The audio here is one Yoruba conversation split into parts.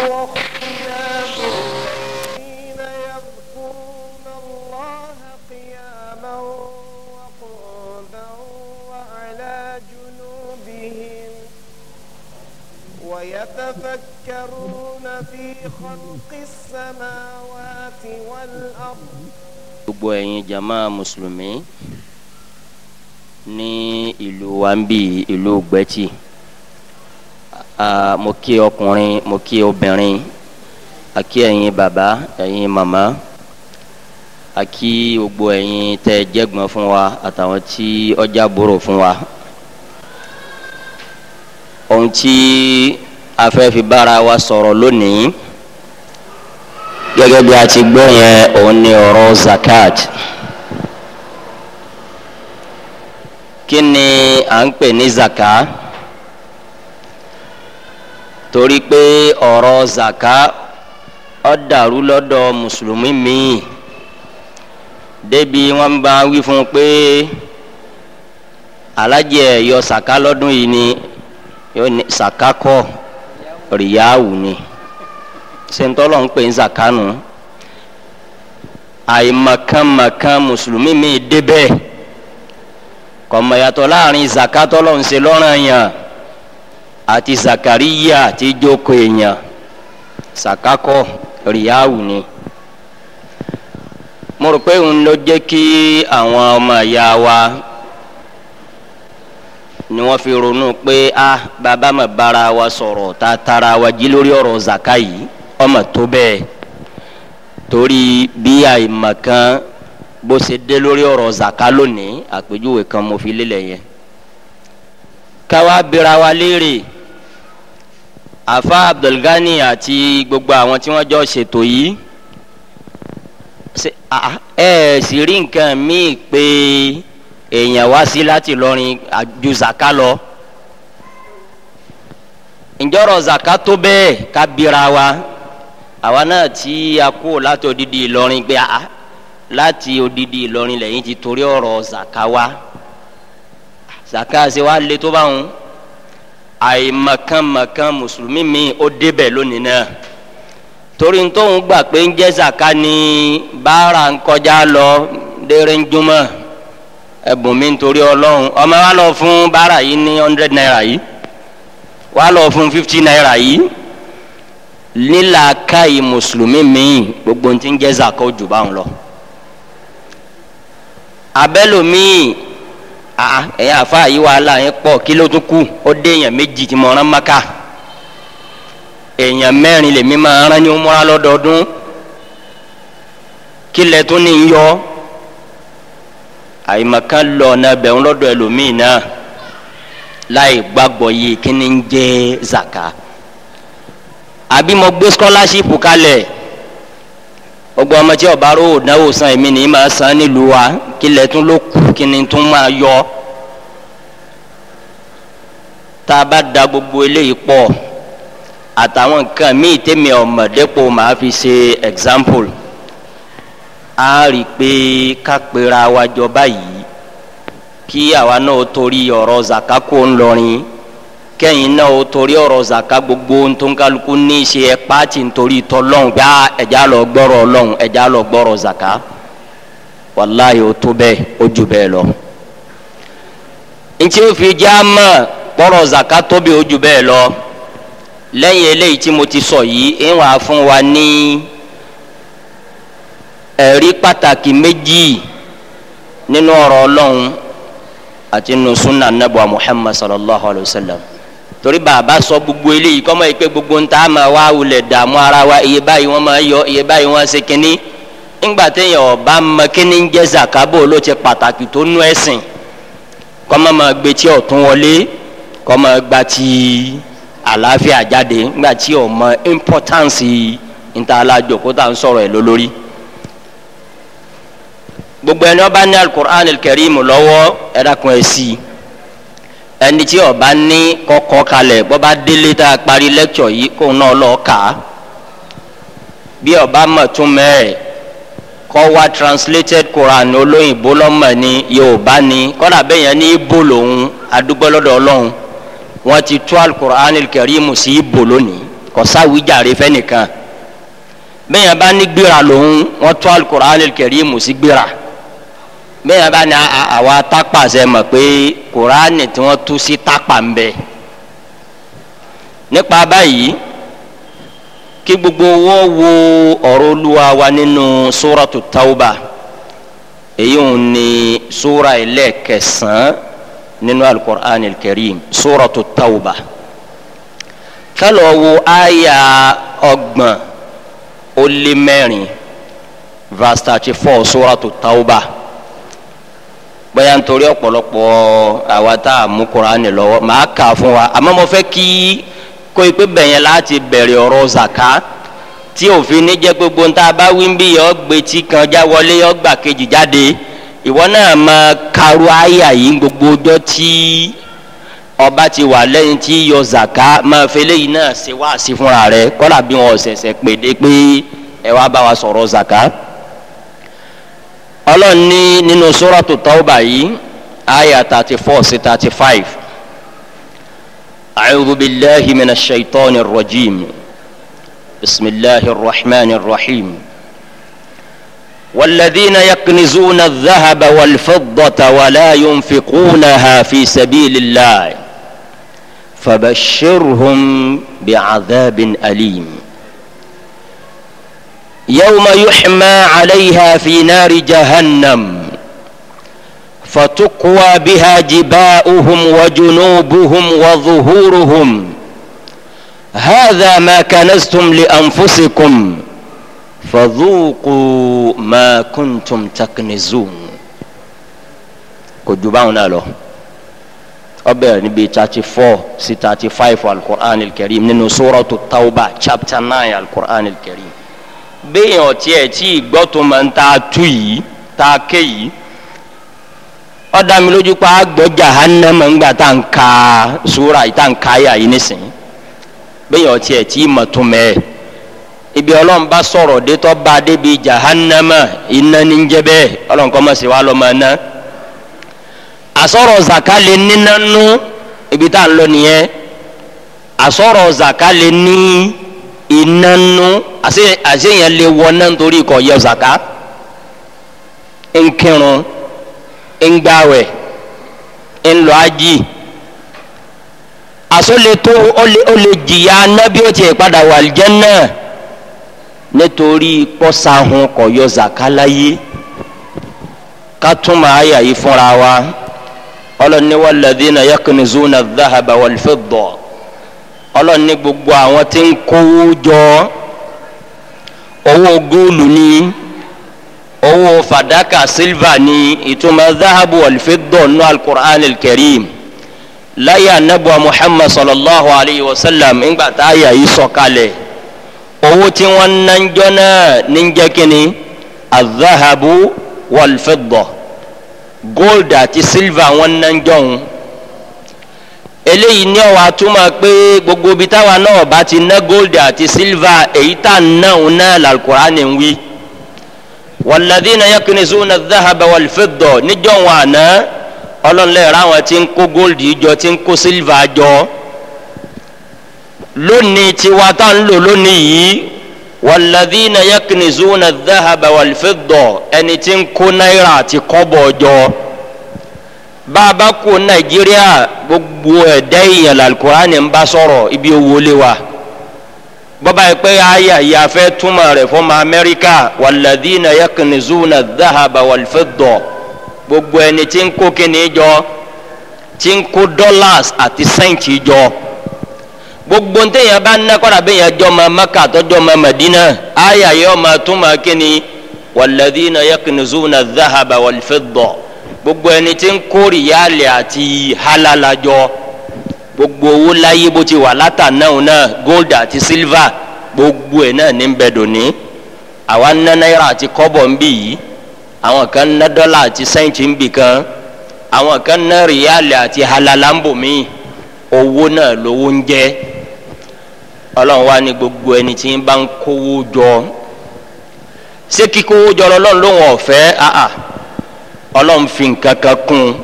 وخلناكم الذين يذكرون الله قياما وقعودا وعلى جنوبهم ويتفكرون في خلق السماوات والأرض gbogbo ẹ̀yin jama mùsùlùmí ní ìlú wa ń bí ìlú gbẹ́tì mo kí ọkùnrin mo kí obìnrin àkí ẹ̀yin bàbá ẹ̀yin màmá àkí gbogbo ẹ̀yin tẹ́ ẹ jẹ́gbọ́n fún wa àtàwọn tí ọjà bòrò fún wa. ohun tí a fẹ́ fi bára wa sọ̀rọ̀ lónìí gẹ́gẹ́ bí a ti gbọ́ yẹn òun ni ọ̀rọ̀ zakat. kí ni à ń pè ní zakat? torí pé ọ̀rọ̀ zaka ó dàrú lọ́dọ̀ mùsùlùmí míì débi wọ́n bá wí fún un pé alájẹ yọ saka lọ́dún yìí ni yọ ní saka kọ́ rìyáwù ni sentọlọ ń pè ń zakanu àìmọ̀kànmọ̀kàn mùsùlùmí mi débẹ̀ kọ̀mọ̀yàtọ̀ láàrin zakatọ́lọ́ ń ṣe lọ́ranyàn àti zakariya àti jókòó èèyàn sàkákọ ríyáwù ni mo rò pé òun ló jẹ́ kí àwọn ọmọ ìyá wa ni wọ́n fi ronú pé a bàbá mà bára wa sọ̀rọ̀ tá tara wa jí lórí ọ̀rọ̀ zaka yìí ọmọ tó bẹ́ẹ̀ torí bí àìmọ̀ kan bó ṣe dé lórí ọ̀rọ̀ zaka lónìí àpèjúwe kan mo fi lélẹ̀ yẹn káwa bira wa léèrè afa abdulgani àti gbogbo àwọn tí wọn jọ ṣètò yìí ẹ sì rí nǹkan míì pé èèyàn wá sí láti lọrin ju zaka lọ ǹjọ́rọ̀ zaka tó bẹ́ẹ̀ ká bira wa àwa náà tí a kó láti odidi ìlọrin gbé a láti odidi ìlọrin lẹ́yìn ti torí ọ̀rọ̀ zaka wa zaka ṣe wá lé tó báwọn. Ayi àìmọ̀kànmọ̀kàn mùsùlùmí mi ó débẹ̀ lónìí náà torí tóun gbà pé ń jẹ́ zaka ni báárà ń kọjá lọ déré ń júmọ̀ ẹ̀bùn mi nítorí ọlọ́run ọmọ wa lọ fún báárà yìí ní hundred naira yìí Wà lọ fún fifty naira yìí Lila káyì mùsùlùmí mi gbogbo ti ń jẹ́ zaka ó jù báwọn lọ abẹ́lòmíì Ah, ah ẹ̀yin àfa yìí wàhálà yẹn pọ̀ kí ló tún kù ó dé èèyàn méjì tí mo rán maka èèyàn mẹ́rin lèmi máa rán ní umra lọ́dọọdún kílẹ̀ tún ní yọ lọ na bẹ̀rún lọ́dọ̀ ẹlòmíì náà láì gbàgbọ́ yìí kí ni ń jẹ́ zaka àbí mo gbé gbogbo ọmọ tí ọba rò dánwò san èmi ní máa san nílùú wa kí lẹ tún ló kù kí ni yọ tá a da gbogbo eléyìí pọ̀ àtàwọn nǹkan míì tèmi ọmọ dépò màá fi ṣe example a rí i pé ká pera wa jọ báyìí kí àwa náà torí ọ̀rọ̀ zakako ńlọrin kẹ́yìn náà ó torí ọ̀rọ̀ zaka gbogbo ntòǹkàlùkù ní í ṣe ẹ̀pá tí nítorí tọ́lọ́hún gbá ah, ẹ̀já lọ gbọ́rọ̀ ọlọ́hún ẹ̀já lọ gbọ́rọ̀ zaka wàláyé ó tó bẹ́ẹ̀ ó jù bẹ́ẹ̀ lọ. ntí ó fi já mọ̀ gbọ́rọ̀ zaka tóbi ó jù bẹ́ẹ̀ lọ lẹ́yìn eléyìí tí mo ti sọ yìí ń wà fún wa ní ẹ̀rí pàtàkì méjì nínú ọ̀rọ̀ ọlọ́hún àti nínú sunna anabu muhammad sallallahu alayhi wa sallam torí bàbá sọ gbogbo eléyìí kọ́mọ yìí pé gbogbo ń ta máa wá wulẹ̀ dààmú ara wa iye báyìí wọ́n máa yọ iye báyìí wọ́n ṣe kínní ńgbà téèyàn ọba mọ kínní ń jẹ́ zakabo ló ti pàtàkì tó nú ẹ̀sìn kọ́mọ máa gbé tí ọ̀tún wọlé kọ́mọ gba ti àlàáfíà jáde ńgbà tí ọmọ importance níta alájọ kó tá ń sọ̀rọ̀ ẹ̀ lólórí gbogbo ẹni ọba ní alukur'an kẹrìmù lọ́wọ́ ẹ̀dá ẹ̀ sí i ẹni tí ọba ní kọ́kọ́ kalẹ̀ bọ́ba délé tá a parí lẹ́kṣọ̀ yìí kóun náà lọ kà á bí ọba mọ̀ tún mẹ́rẹ̀ kọ́ wa translated Quran olóyìnbó lọ́mọ̀ ni Yorùbá ni kọ́dà bẹ́ẹ̀ yẹn ní ibo lòun adúgbò lọ́dọ̀ Ọlọ́run wọ́n ti tú al-Quran kẹrìmù sí ibo lónìí kò sáwìjàre fẹ́nìkan bẹ́ẹ̀ yẹn bá ní gbéra lòun wọ́n tú al-Quran kẹrìmù sí gbéra bẹ́ẹ̀ yẹn bá ní àwa tápà ṣe mọ̀ pé kuraani tí wọ́n tú sí tápà ń bẹ nípa báyìí kí gbogbo wọ́n wo ọ̀rọ̀ olúwa wa nínú sóràtú tauba èyí ń ní sóra ẹlẹ́ẹ̀kẹsàn-án nínú alukur'an alkarim sóràtú tauba kálọ̀ wo àyà ọgbọ̀n ó lé mẹ́rin verse thirty four sóràtú tauba bóyá nítorí ọ̀pọ̀lọpọ̀ àwa tá a mú kuraani lọ́wọ́ màá kà á fún wa àmọ́ mo fẹ́ kí kó ipé bẹ̀yẹn láti bẹ̀rẹ̀ ọ̀rọ̀ zaka tí òfin ní jẹ́ gbogbo ń tá a bá wí ń bí yọ gbètì kan já wọlé yọ gbà kejì jáde ìwọ náà máa karu àyà yìí gbogbo ọjọ́ tí ọba ti wà lẹ́yìn tí yọ zaka máa fi eléyìí náà ṣe wá sí fúnra rẹ kọ́lá bí wọn ọ̀sẹ̀sẹ̀ pèdé pé ẹ wá bá wa sọ̀rọ̀ zaka. ọlọ́run ní nínú sóràtò tọ́ọ̀bà yìí àyà thirty four sí thirty five أعوذ بالله من الشيطان الرجيم بسم الله الرحمن الرحيم والذين يكنزون الذهب والفضة ولا ينفقونها في سبيل الله فبشرهم بعذاب أليم يوم يحمى عليها في نار جهنم فتقوى بها جباؤهم وجنوبهم وظهورهم هذا ما كنزتم لانفسكم فذوقوا ما كنتم تكنزون كجبان له أبي نبي 34 35 القرآن الكريم من سورة التوبة chapter 9 القرآن الكريم béèyàn ọtí tí ìgbọ́ ń ta yìí ta ké yìí ọ̀dà mi lójú pa gbà tá à ń ka sùúrà yìí tá à ń ka yà yìí béèyàn tí ìmọ̀ sọ̀rọ̀ débi iná ní jẹ́ bẹ́ẹ̀ ọlọ́run kọ́ mọ̀ sí wa àsọ̀rọ̀ zaka lè ibi tá iná nu àṣeyàn lè wọ náà nítorí ikọ̀ yọ zaka nkírun ngbàwẹ̀ ńlọ ají àsọlẹ̀tò ó lè jìyà anábí ó tiẹ̀ padà wà àlìjánnà nítorí pọ́sàhùn kọ̀ yọ zaka láyé ká máa yà yí fúnra wa ọlọ́ni wàlladhina yaknizuna dhahaba wal fidda ọlọ́run ní gbogbo àwọn tí ń kówó jọ owó góòlù ni owó fàdákà sílvà ni ìtumọ̀ záhàbù alfidọ̀ nù alukur'an alkarim láyà nàbọ̀ muhammad sallallahu alayhi wa sallam ńgbà tá a yà yí sọ̀kalẹ̀ owó tí wọ́n ná jọ náà ní jẹ́ kínní azáhàbù gold àti sílvà wọ́n ná jọ̀hún eléyìí ní ọ̀wá túmọ̀ pé gbogbo ibi táwa náà bá ti ná gold àti silver èyí tá à ń ná òun náà làlùkùránì ń wí. wàlladínà yakunizuna dhahaba wàlfẹ́dọ̀ níjọ́ wọn àná ọlọ́nlẹ̀ ráwọn ti ń kó gold jọ ti ń kó silver jọ lónìí tiwa tá à ń lò lónìí yìí wàlladínà yakunizuna dhahaba wàlfẹ́dọ̀ ẹni ti ń kó náírà àti kọ́bọ̀ jọ bàbá kò nàìjíríà gbogbo ẹ̀dá èèyàn làlùkùránì ń bá sọ̀rọ̀ ibi owó lé wa bọ́bá yìí pé àyà yìí a fẹ́ túmọ̀ rẹ̀ fún ọmọ amẹ́ríkà wàlladhina yaknizuna dhahaba wal-fidda gbogbo ẹni tí ń kó kíni jọ tí ń kó dollars àti sẹ́ǹtì jọ gbogbo ntẹ̀yìn bá ná kọ́ra bẹ́ẹ̀ yẹn jọ ma maka tọ́jọ́ ma madina àyà yìí ọmọ túmọ̀ kíni wàlladhina yaknizuna dhahaba wal-fidda gbogbo ẹni tí ń kórè yálẹ àti halala jọ gbogbo owó láyé bó ti wà látàná náà gold àti silver gbogbo ẹ náà ní bẹ dòní àwa ná náírà àti kọ́bọ̀ ń bì yìí àwọn kan ná dọ́là àti sẹ́ǹtì ń bì kan àwọn kan ná rìálì àti halala ń bò míì owó náà lówó ń jẹ́ ọlọ́run wá ní gbogbo ẹni tí ń bá ń kówó jọ ṣé kíkówó jọ lọ́lọ́run lóun ọ̀fẹ́ àà. Ah, ah ọlọ́run fi nǹkan kan kún un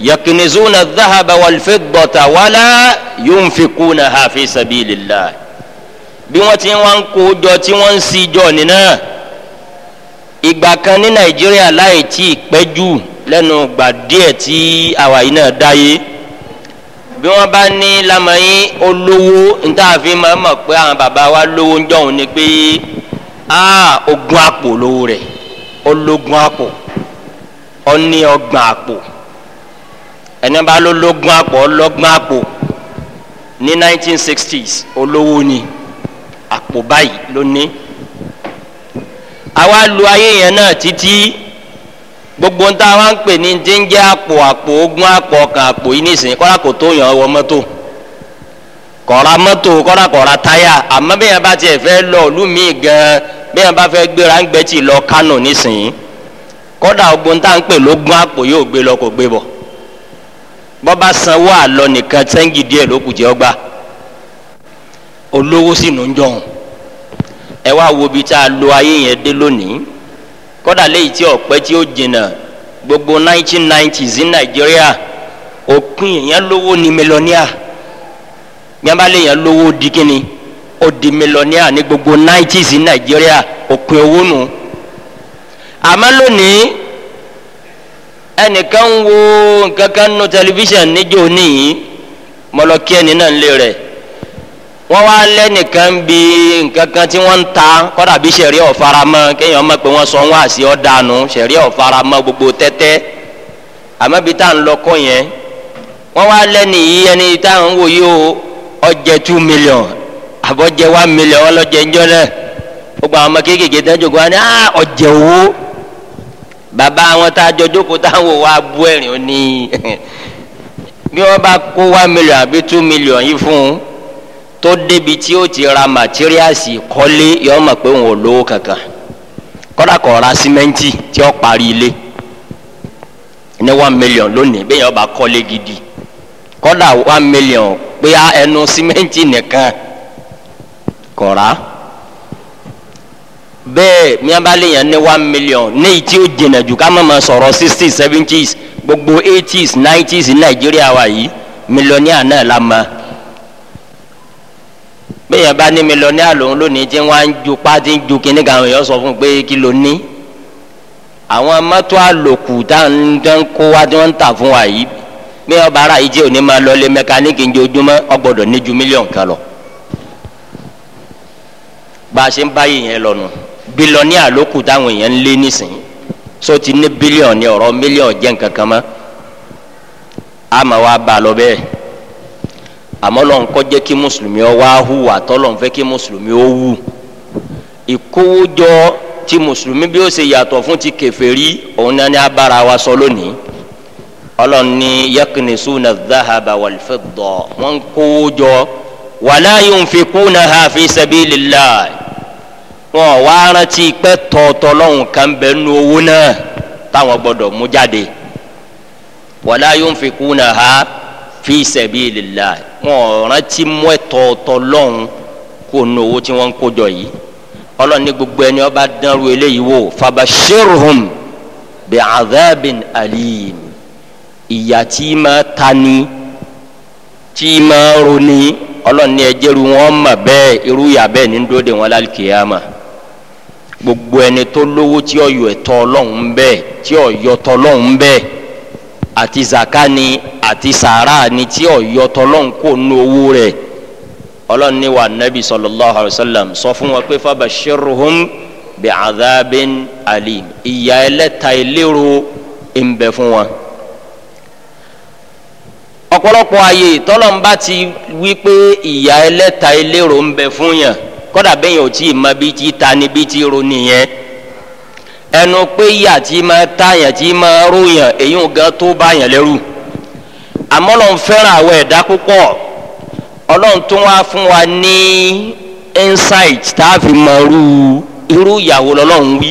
yakinizuna dhahaba walfiddata wala yunfikuna ha fi sabilillah bí wọ́n ti wá ń kó jọ tí wọ́n ń si jọ nínú ìgbà kan ní nàìjíríà láì tí ì pẹ́ jù lẹ́nu gbà díẹ̀ tí àwa yìí náà dáyé bí wọ́n bá ní lamọ̀yìn olówó nítàfin máa mọ̀ pé àwọn bàbá wa lówó ń jọ̀hún ni pé a ogun àpò lówó rẹ̀ ológun àpò ọní ọgbọ̀n àpò ẹni bá ló lógún àpò ọlọ́gbọ̀n àpò ní 1960s olówó ni àpò báyìí ló ní àwa lu ayé yẹn náà títí gbogbo ń tá a wá ń pè ní díngẹ́ àpò àpò ogún àpò ọkàn àpò yìí nísìnyí kọ́ra kò tó yàn wọ mọ́tò kọ́ra mọ́tò kọ́ra kọ́ra táyà àmọ́ bẹ́ẹ̀ bá tiẹ̀ fẹ́ lọ ìlú gan-an bẹ́ẹ̀ bá fẹ́ gbéra ń gbẹ́tì lọ kánò nísìnyí. kọ́dà ogun tá à ń pè lógún àpò yóò gbé lọ kò gbé bọ̀ bọ́ba sanwó àlọ nìkan sẹ́ńgì díẹ̀ ló kù jẹ́ ọgbà olówó sì nù ń jọ̀hún ẹ wá wo ibi tá a lo ayé yẹn dé lónìí kọ́dà léyìí tí ọ̀pẹ́ tí ó jìnnà gbogbo 1990s ní nàìjíríà òpin èèyàn lówó ni mílíọ̀nìà gbẹ́nbà lèèyàn lówó di kíni ó di mílíọ̀nìà ní gbogbo 90s ní nàìjíríà òpin owó nù. No àmọ́ lónìí ẹnìkan ń wo nǹkan kan nù tẹlifíṣàn níjọ́ níyì mọlọkí ẹni náà ń lé rẹ̀ wọ́n wá lẹ́nìkan bí nǹkan kan tí wọ́n ń ta kọ́dà bí sẹ̀rí ọ̀faramọ́ kéèyàn mọ̀ pé wọ́n sọ wọ́n àṣì ọ̀dànù sẹ̀rí ọ̀faramọ́ gbogbo tẹ́tẹ́ àmọ́ bí tá à ń lọ kọ́ yẹn wọ́n wá lẹ́ni yìí ẹni tá à ń wò yìí o ọjẹ́ two million àbọ̀jẹ́ one million ọlọ́jẹ́ ń jọ́ náà gbogbo àwọn ọmọ kéékèèké dájọ́ gbọ́ ni ọjẹ́ owó Baba, àwọn tá a jọ jókòó táwọn wà bú ẹ̀rín ó bí wọ́n bá kó one million àbí two million yìí fún un tó débi tí ó ti ra materiasi kọ́lé yọ mọ̀ pé òun ò lówó kankan kọ́dà kọ́ ra símẹ́ǹtì tí ó parí ilé ní one million lónìí bẹ́ẹ̀ yẹn bá kọ́lé gidi kọ́dà one million pé ẹnu símẹ́ǹtì nìkan kọ̀ rà bẹ́ẹ̀ miabale yẹn ní one million ní ìtí ó jìnnà jù ká má ma sọ̀rọ̀ sixties seventies gbogbo eighties nineties ní nàìjíríà wa yìí mílíọ̀nìà náà la ma bẹ́ẹ̀ yẹn bá ní mílíọ̀nìà lòun lónìí tí wọ́n ju pátí ń ju kíní kan èèyàn sọ fún un pé kí ló ní àwọn mọ́tò àlòkù tá à ń kó wá tí wọ́n ń tà fún wa yìí bí wọ́n bá ra yìí jẹ́ òní máa lọ lé mẹkáníìkì ń jẹ́ ní ju mílíọ̀n kan lọ bá a ṣe ń báyìí yẹn lọ́nu. No bílíọ̀nì àlòkù táwọn èèyàn ń lé nísìnyí so ti ní bílíọ̀nì ọ̀rọ̀ mílíọ̀nì jẹ́ nǹkan kan mọ́ àmọ́ wa bá a lọ bẹ́ẹ̀ àmọ́ lọ́n kọ́ jẹ́ kí mùsùlùmí ọ wá hùwà tọ́lọ́n fẹ́ kí mùsùlùmí ó wù ìkówójọ ti mùsùlùmí bí ó ṣe yàtọ̀ fún ti kèfèrí òun náà ní abára wa sọ lónìí ọlọ́run ní yaknisuna dhahaba wal fidda wọ́n kówójọ wala yunfikuna ha fi sabilillah wọn ò wá rántí pé tọ̀ọ̀tọ̀ lọ́hùn kan bẹ nu owó náà táwọn gbọdọ̀ mú jáde wàlá yunfikuna ha fi sabilillah wọn ò rántí mú tọ̀ọ̀tọ̀ lọ́hùn kó nu owó tí wọ́n ń kójọ yìí ọlọ́ni gbogbo ẹni ọba dánrú eléyìí wò fabashirhum bi azabin alim ìyà tí máa tani tí máa roni ọlọ́ni ẹjẹ́rú wọn mọ̀ bẹ́ẹ̀ irú ìyà bẹ́ẹ̀ ní dóde wọn lálùkìyàmà gbogbo ẹni tó lówó tí ọyọ ẹ̀tọ́ Ọlọ́run bẹ́ẹ̀ tí ọyọ tọlọ́run bẹ́ẹ̀ àti zaka ni àti sàrà ni tí ọyọ tọlọ́run kò nu owó rẹ̀ Ọlọ́run ní wa nabi sallallahu alayhi wa sallam sọ fún wa pé fabashirhum bi adhabin alim ìyà ẹlẹ́ta ìlérò ń bẹ fún wa ọ̀pọ̀lọpọ̀ ayé tọ́lọ́mbà ti wí pé ìyà ẹlẹ́ta ìlérò ń bẹ fún yàn kódà bẹ́ẹ̀ yẹn ò tí ì mọ bí ti ta ni bí ti ro nìyẹn ẹnu pé yà tí ma ta yàn tí ma ro yàn èyí ò gan tó bá yàn lẹ́rù àmọ́ lọ́n fẹ́ràn àwọn ẹ̀dá púpọ̀ ọlọ́run tó wá fún wa ní insight tá a fi mọ irú irú ìyàwó lọ́lọ́run wí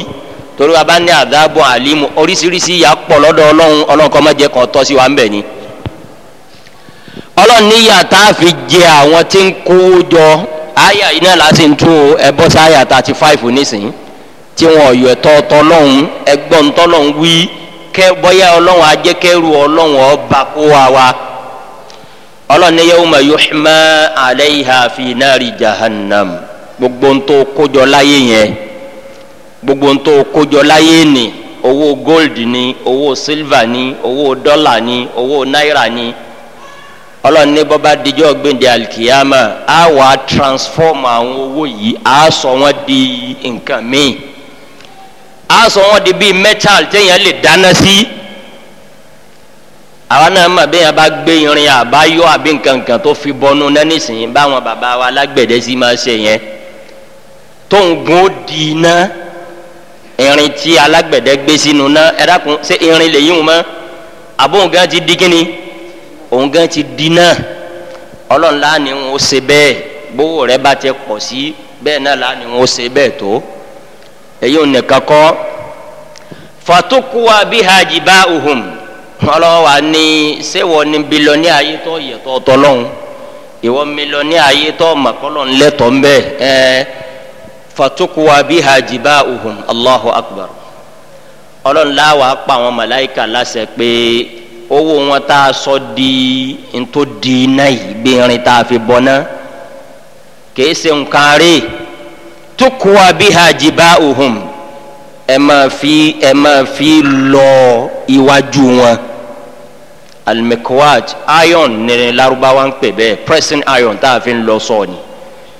torí wa bá ní àdábò àlímù oríṣiríṣi ìyà pọ̀ lọ́dọ̀ ọlọ́run ọlọ́run kọ́ má jẹ́ tọ́ sí wa ń bẹ̀ ni ọlọ́run níyà tá a fi jẹ àwọn tí ń kó jọ Aya yìí náà láti ń tún ẹ bọ́ sí àyà thirty five nísìnyí tí wọn ọba kó wa wa ní fi jahannam gbogbo ń tó kójọ láyé yẹn gbogbo ń tó gold ni owó silver ni owó ni owó náírà ni. ọlọ́run ní bọ́bá dijọ́ gbẹ̀ndẹ̀ alikiyama á wà á transform àwọn owó yìí á sọ wọ́n di nǹkan míì á sọ wọ́n di bíi metal téèyàn lè dáná sí àwa náà mà béèyàn bá gbé irin àbáyọ àbí nǹkan nǹkan tó fi bọnú nẹ́nìsín báwọn bàbá wa alágbẹ̀dẹ sí máa ṣe yẹn tó ń gun ó di iná irin tí alágbẹ̀dẹ gbé sínú náà ẹ dákun ṣé irin lè yí wọn mọ́ àbóǹgá ti di kíni. òun gan ti di náà ọlọ́run láà ní ṣe bẹ́ẹ̀ rẹ bá ti pọ̀ sí bẹ́ẹ̀ náà láà ṣe bẹ́ẹ̀ tó èyí ò nìkan kọ́ bí bihaji bá wa ní sẹ́wọ̀ ní bílíọ̀nì ayé tó yẹ mọ̀kọ́lọ́ bá akbar ọlọ́run pa àwọn owó wọn tá a sọ di ntó di iná yìí gbẹ̀rin tá a fi bọ̀ náà kìí ṣe nǹkan rí tukuwa biha jiba'uhum ẹ máa fi ẹ máa fi lọ iwájú wọn almekwaj iron ní Lárúbáwá ń pè bẹ́ẹ̀ pressing iron tá a fi lọ sọ ni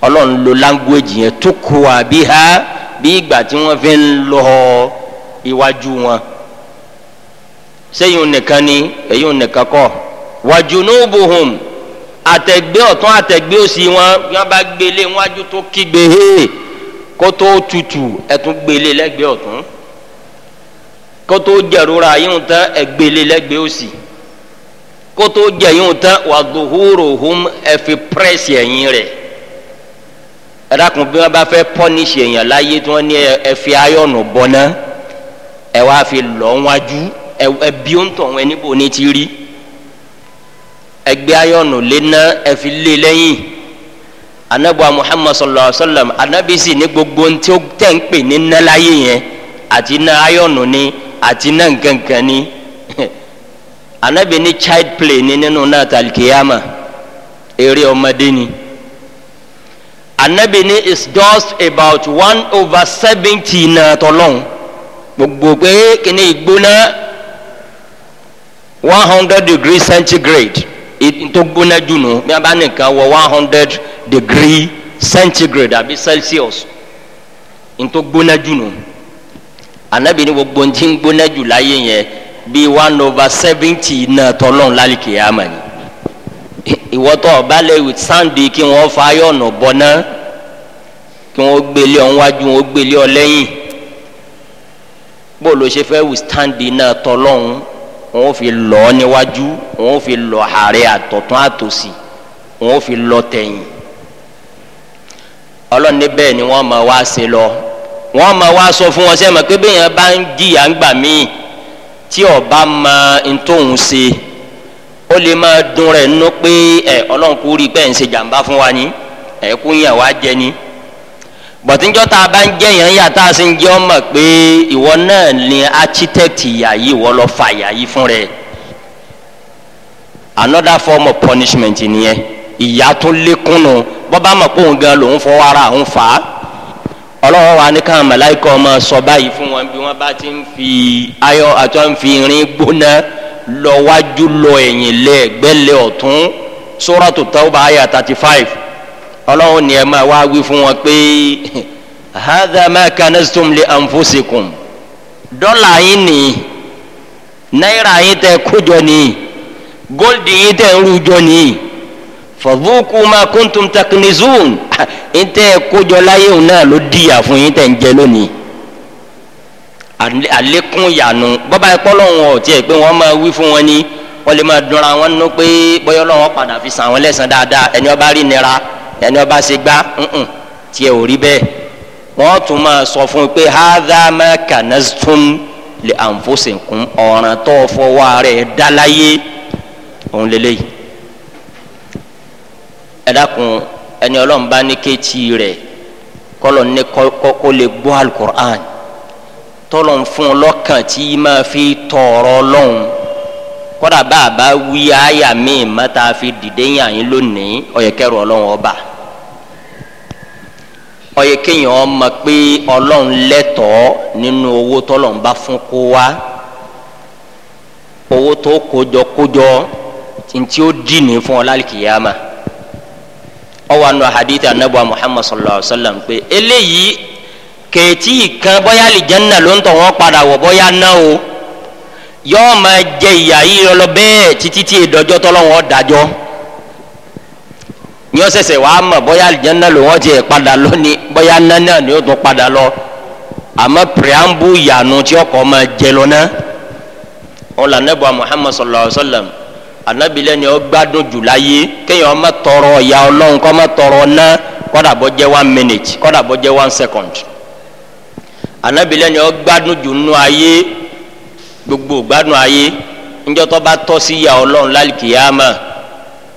ọlọ́run lo language yẹn tukuwa biha bí ìgbà tí wọ́n fi ń lọ iwájú wọn sẹ́yìn nìkan ni ẹ̀yìn nìkan kọ́ wàjúnúbùhùn àtẹ̀gbẹ́ ọ̀tún àtẹ̀gbẹ́ òsì wọn wọn bá gbélé wájú tó kígbe hé kótó tutù ẹ̀tún gbélé lẹ́gbẹ́ ọ̀tún kótó jẹ̀rora yìí tán ẹ̀gbélé lẹ́gbẹ́ òsì kótó jẹ yín tán wà hum ẹfi pírẹsì ẹyin rẹ ẹdákun bí wọn bá fẹ́ pọnìṣì èèyàn láyé tí wọn ní ẹfi ayọnù bọná ẹ wá fi lọ wájú ẹbí ó ń tọ̀ wọn ní ti rí ẹgbẹ́ ayọ̀nù lé ná ẹ̀fi lé lẹ́yìn anabuwa muhammad sallallahu alaihi wa sallam anabi sì ní gbogbo ohun tí tẹ̀ ń pè ní náláyé yẹn àti ná ayọ̀nù ni àti ná nkankan ni anabi ní child play ni nínú náà tàlkìyàmà eré ọmọdé ni anabi ní is just about one over seventy náà tọ́lọ́hún gbogbo pé kíní ìgbóná one hundred degree centigrade tó gbóná jù nù bí a bá nìkan wọ one hundred degree centigrade àbí celsius tó gbóná jù nù anabi ni gbogbo ti ń gbóná jù láyé yẹn bí one over seventy náà tọ́lọ́n lálìkè àmà ni ìwọ́tọ̀ ọ̀bálẹ̀ with sandi kí wọ́n fa ayọ̀nà bọ́ná kí wọ́n gbélé ọ̀hún wájú wọ́n gbélé ọ lẹ́yìn bó ló ṣe fẹ́ with sandy náà tọ́lọ́hún wọn fi lọ níwájú wọn fi lọ àárẹ àtọ̀tún àtòsí wọn fi lọ tẹ̀yìn ọlọ́ni bẹ́ẹ̀ ni wọ́n máa wá ṣe lọ wọ́n máa wá sọ fún wọn sẹ́yìn mọ̀ pé bẹ́ẹ̀ bá ń jìyà ń gbà mí tí ọba ma ń tóun ṣe ó lè máa dun rẹ̀ nínú pé ẹ ọlọ́run kúrì pé ń ṣe jàǹbá fún wa ni ẹ kú yàn wá jẹ ni bọ̀tíjọ́ tá a bá ń jẹ́ yẹn yà tá a sì ń jẹ́ ọmọ pé ìwọ náà ni architect ìyá yìí ìwọ lọ fa ìyá fún rẹ another form of punishment nìyẹn ìyá tó lékún nù bọ́bá mọ̀ pé òun gan lòun fọwọ́ ara òun fà á ọlọ́wọ́ wa ní káwọn màláìkà ọmọ sọ báyìí fún wọn bí wọ́n bá ti ń fi ayọ́ àti wọ́n fi irin gbóná lọ lọ ẹ̀yìn lẹ́ẹ̀gbẹ́lẹ́ ọ̀tún sóràtò tàwọn bá ayà thirty five ọlọ́run ni ẹ máa wá wí fún wọn pé hadha ma kanastum li anfusikum dọ́là yín ni náírà yín tẹ kójọ ni góòlì yín tẹ rújọ ni fadhuku ma kuntum taknizun yín tẹ kójọ láyé òun náà ló dìyà fún yín tẹ ń jẹ lónìí àlékún yànú bọ́bá ẹ̀kọ́ lọ́wọ́ ọ̀tí ẹ̀ pé wọ́n máa wí fún wọn ni wọ́n lè máa dunra wọn nú pé bọ́yọ́ padà fi sàn wọn lẹ́sàn dáadáa ẹni ọba rí nira yẹn ni ọba ṣe gbá nǹkan tiẹ̀ ò rí bẹ́ẹ̀ wọ́n tún máa sọ fún un pé hadha ma kanaztum li anfusikum ọ̀ràn tó fọwọ́ rẹ̀ dáláyé òun lélẹ́yìí ẹ dákun ẹni ọlọ́run bá ní kéétì rẹ̀ kọ́lọ̀ ní kó lè gbọ́ alukur'an tọ́lọ̀ ń fún un lọ́kàn tí máa fi tọ̀ọ̀rọ̀ lọ́hùn kódà bá a bá wí àyà míì má ta fi dìde yàn yín lónìí ọ̀yẹ̀kẹ́rù ọlọ́run ọba. ọyẹ kéèyàn ọmọ pé ọlọ́run lẹ́tọ̀ọ́ nínú owó tọ́lọ́run bá fún kó wá owó tó kójọ kójọ ntí ó dìní fún ọ lálùkìyàmà ọwọ́ àná hadith anabuwa muhammad sallallahu alayhi wa sallam pé eléyìí kèétí kan bóyá àlìjánná ló ń tọ̀ wọ́n padà wọ̀ ná o yọ́ọ́ máa jẹ yìí bẹ́ẹ̀ títí tí ìdọ́jọ́ dájọ́. ní ọ̀sẹ̀sẹ̀ wàá mọ̀ bóyá àlìjáná ló wọ́n tiẹ̀ padà lọ ni bóyá nánà ni ó tún padà lọ àmọ́ pìrìàmbù yànú tí ọkọ̀ máa jẹ lọ wọn là nẹ́bọ̀ Muhammad sallallahu alayhi wa sallam anabilẹ ni ọ gbádùn jù láyé kéèyàn ọmọ tọrọ ìyá Ọlọ́run kọ́ ọmọ tọrọ náà kọ́dà bọ́ one minute kọ́dà bọ́ jẹ́ one second anabilẹ ni ọ gbádùn jù nù ayé gbogbo gbádùn ayé ńjọ́ tó bá tọ́ sí ìyá Ọlọ́run lálìkìyàmá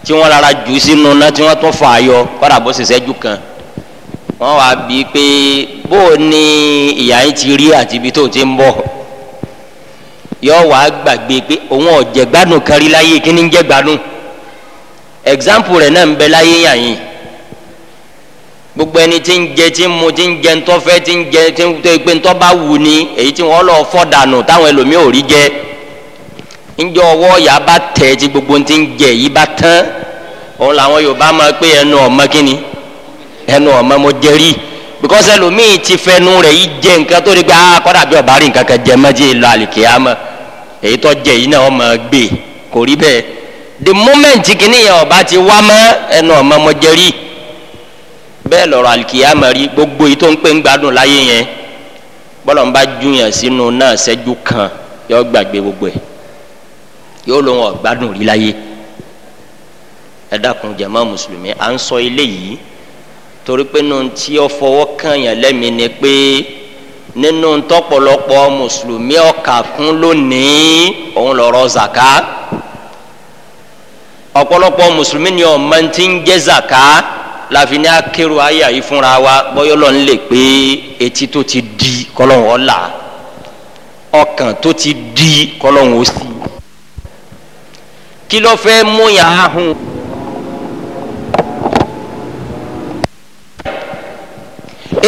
tí wọ́n rárá jù sínú náà tí wọ́n tún fà á yọ kọ́dà bó ṣe ṣẹ́jú kan wọ́n wá bí i pé bó o ní ìyá yín ti rí àti ibi tó o ti ń bọ̀ yọ wá gbàgbé pé òun ọ̀jẹ̀ gbádùn kan rí láyé kí ni ń jẹ́ gbádùn example rẹ̀ náà ń bẹ láyé yàn yín gbogbo ẹni tí ń jẹ tí ń mu tí ń jẹ ńtọ́fẹ́ tí ń jẹ tí ń tó pé ńtọ́ bá wù ní èyí tí wọ́n lọ fọ́ dànù táwọn ẹlòmíì ò rí jẹ́ ńjọ ọwọ́ yà bá tẹ̀ tí gbogbo ti ń jẹ yìí bá tán òun làwọn yorùbá máa pé ẹnu ọmọ kínni ẹnu ọmọ mo jẹrí because ẹlòmíì ti fẹnu rẹ̀ yìí jẹ nǹkan tó rí pé ah kọ́dà bí ọba rí nǹkan kan jẹ mọ́jì lọ àlìkèyàmọ́ èyí tó jẹ yìí náà wọ́n gbé kò rí bẹ́ẹ̀ the moment kínní yẹn ọba ti wá mọ́ ẹnu ọmọ mo jẹrí bẹ́ẹ̀ lọ́rọ̀ àlìkèyàmọ́ rí gbogbo yìí tó ń pè ń gbádùn láyé yẹn bọ́lọ̀ ń bá júyàn sínú náà ṣẹ́jú kan yọ gbàgbé gbogbo ẹ̀ yóò ló wọn gbádùn rí láyé ẹ dákun jàmá mùsùlùmí à ń sọ eléyìí torí pé nínú tí ó fọwọ́ kàn yàn lẹ́mìí ni pé nínú tọ̀pọ̀lọpọ̀ mùsùlùmí ọ̀kà kún lónìí òun lọ́rọ̀ zaka ọ̀pọ̀lọpọ̀ mùsùlùmí ni ọ̀mọ ti ń jẹ́ zaka láfi ní akérò àyà yìí fúnra wa bọ́yọ́ lọ́n lè pé etí tó ti di kọ́lọ́hún ọ̀la ọkàn tó ti di kọ́lọ́hún ó kí ló fẹ́ mú yàrá hun.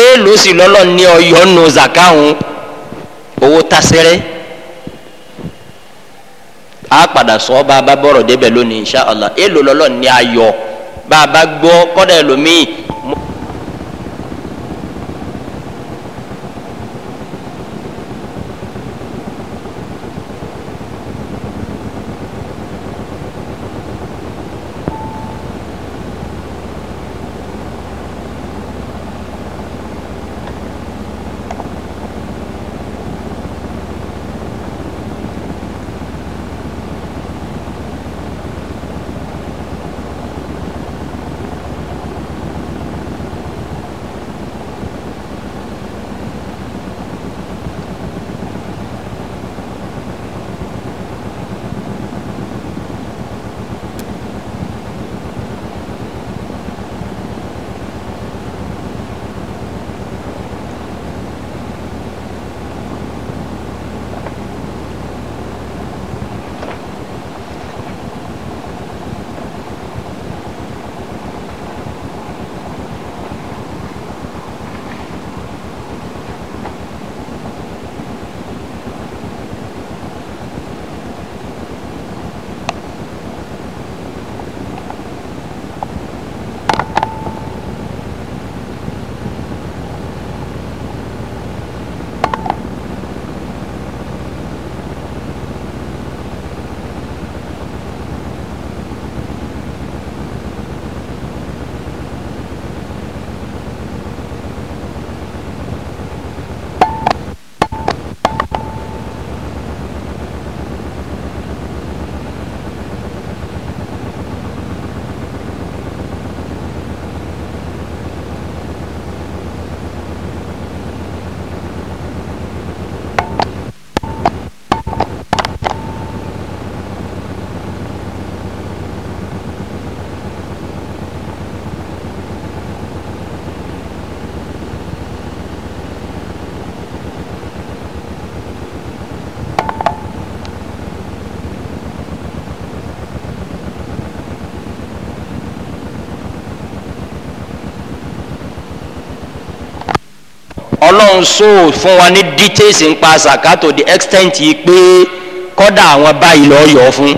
èèlò sì lọ́lọ́ ní ọyọ́ nù zakahun owó tasẹ́rẹ́ a padà sọ bá a bá bọ̀rọ̀ débẹ̀ lónìí inṣàlá èèlò lọ́lọ́ ní ayọ̀ bá ọlọ́run so fún wa ní details nípa sàkátò the extent yìí pé kọ́dà àwọn báyìí lọ́ọ́ yọ fún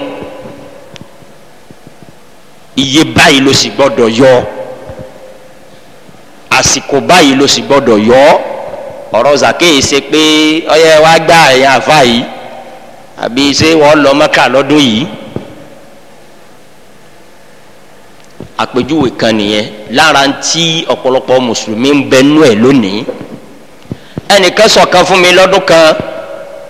iye báyìí ló sì gbọ́dọ̀ yọ àsìkò báyìí ló sì gbọ́dọ̀ yọ ọ̀rọ̀ zakeyi ṣe pé ọyẹ wa gbá ẹ̀yà àfa yìí àbí ṣé wọ́n lọ mọ́kà lọ́dún yìí àpèjúwe kan nìyẹn lára ń tí ọ̀pọ̀lọpọ̀ mùsùlùmí ń bẹnú ẹ̀ lónìí ẹnìkan sọ̀kan fún mi lọ́dún kan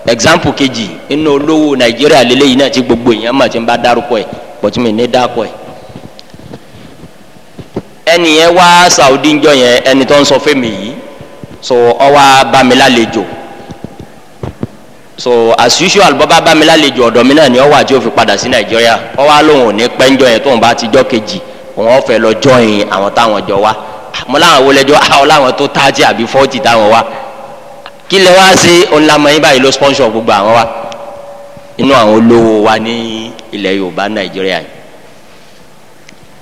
example kejì inú olówó nàìjíríà lélẹ́yìí náà ti gbogbo èèyàn mà ti ń bá dárúkọ ẹ̀ pọ̀tún mi ní dákọ̀ ẹ̀ ẹnì yẹn wá saudi njọ yẹn ẹni tó ń sọ fún mi yìí so ọ wá bá mi lálejò so as usual bọ́ bá bá mi lálejò ọ̀dọ̀ mi náà ni ọ wà tí ó fi padà sí nàìjíríà ọ wá lóun ò ní pẹ́ njọ yẹn tóun bá ti jọ́ kejì òun ọ̀ lọ jọ́yìn àwọn táwọn jọ wá mo láwọn wọlé jọ àwọn láwọn tó tájì kí lè wá sí ọ̀làmọ̀ yín báyìí ló sponsor gbogbo àwọn wa inú àwọn olówó wa ní ilẹ̀ yorùbá nàìjíríà yìí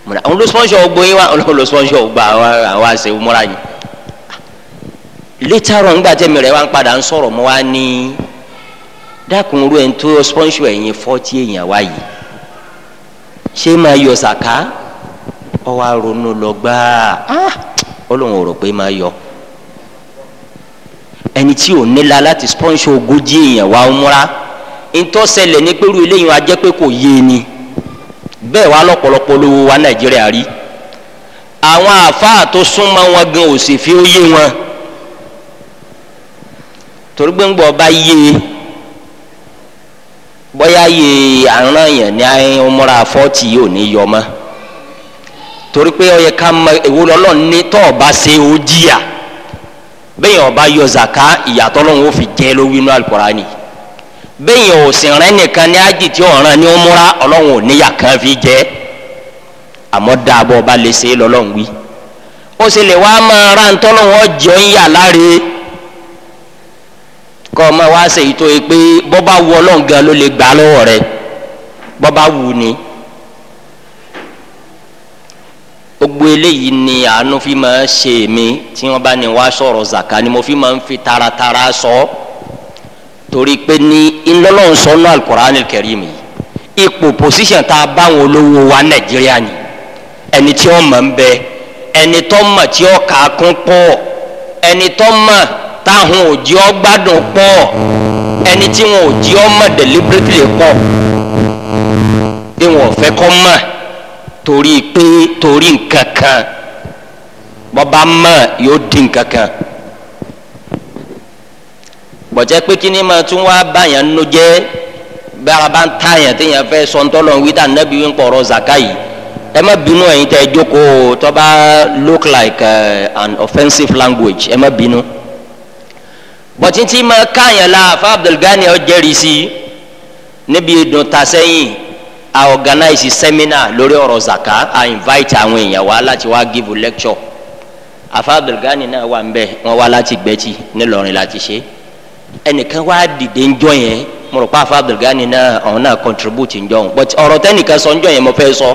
múra àwọn ló sponsor gbogbo yín wa ọlọ́run ló sponsor gbogbo àwọn àṣẹ múra yìí later on nígbà tẹ́mi rẹ̀ wá ń padà ń sọ̀rọ̀ mọ́ wa ní dákùnrú ẹ̀ ń tó sponsor ẹ̀yìn fọ́tí èèyàn wa yìí ṣé máa yọ sàká ọ wa ronú lọ gbáà ah! ó lóun rò pé máa yọ ẹni tí ò nílá láti spọ́nṣọ ogójì èèyàn wá múra ntọ́sẹ̀lẹ̀ ní pẹ̀lú eléyìí wọn ajẹ́ pé kò yé e ni bẹ́ẹ̀ wá lọ́pọ̀lọpọ̀ olówó wa nàìjíríà rí àwọn àáfàá tó súnmọ́ wọn gan ò sì fi ó yé wọn torí pé ń gbọ́ bá yé e bóyá yé àrùn yẹn ní ọmọra fọ́ọ̀tì yìí ò ní yọ torí pé ó ká mọ èwo lọ́lọ́ọ̀ tọ́ọ̀ bá ṣe ó jìyà. bẹ́ẹ̀ ọba yọ zaka ìyàtọ̀ lọ́wọ́ ó fi jẹ́ lówí inú alukurani bẹ́ẹ̀ yẹn nìkan ní ájì tí ọ̀ràn ni ó múra ọlọ́run ò níyà kan fi jẹ́ àmọ́ dáàbọ̀ ọba lè ṣe é wí ó sì lè wá máa ra ntọ́lọ́wọ́ jọ ń yà láre kọ́ ọ máa wá ṣèyí tó yẹ pé bọ́ba wù ọlọ́run gan ló lè gbà lọ́wọ́ rẹ bọ́ba wù ni. gbogbo eléyìí ni àánú fi máa ṣe mí tí wọ́n bá ní wá sọ̀rọ̀ zaka ni mo fi máa ń fi taratara sọ torí pé ní ńlọ́lọ́run sọ ní alukoran kẹrìm yìí ipò position tá a báwọn olówó wa nàìjíríà ni ẹni tí wọ́n mọ̀ ń bẹ ẹni tó mọ̀ tí ó kà á kún pọ̀ ẹni tó mọ̀ táwọn òjì ọ gbádùn pọ̀ ẹni tí wọn òjì ọ mọ̀ deliberately pọ̀ bí wọn ò fẹ́ kọ́ mọ̀ torí pé torí nǹkan kan bọ́ba mọ̀ yóò di nǹkan kan bọ̀jẹ́ pé kí ni ma tún wá báyàn nínú jẹ́ bára bá ń ta yàn téèyàn fẹ́ sọ́ńtọ́ lọ́n wí tá nàbí wí ń pọ̀rọ̀ zaka yìí ẹ má bínú ẹ̀yin tẹ́ ẹ jókòó tó bá look like uh, an offensive language ẹ má bínú bọ̀tí tí ma káyàn la fa Abdul Gani ọ jẹ́rìí sí níbi ìdùn ta a organize seminar lórí ọ̀rọ̀ zaka a invite àwọn èèyàn wá láti wá give lecture afa abdulgani náà wà ń bẹ wọn wá láti gbẹtì ńìlọrin láti ṣe ẹnìkan wá dìde ńjọ yẹn mo rò pé afa abdulgani náà ọ̀hún náà contribute ńjọ òun but ọ̀rọ̀ tẹ́nìkan sọ ńjọ yẹn mo fẹ́ sọ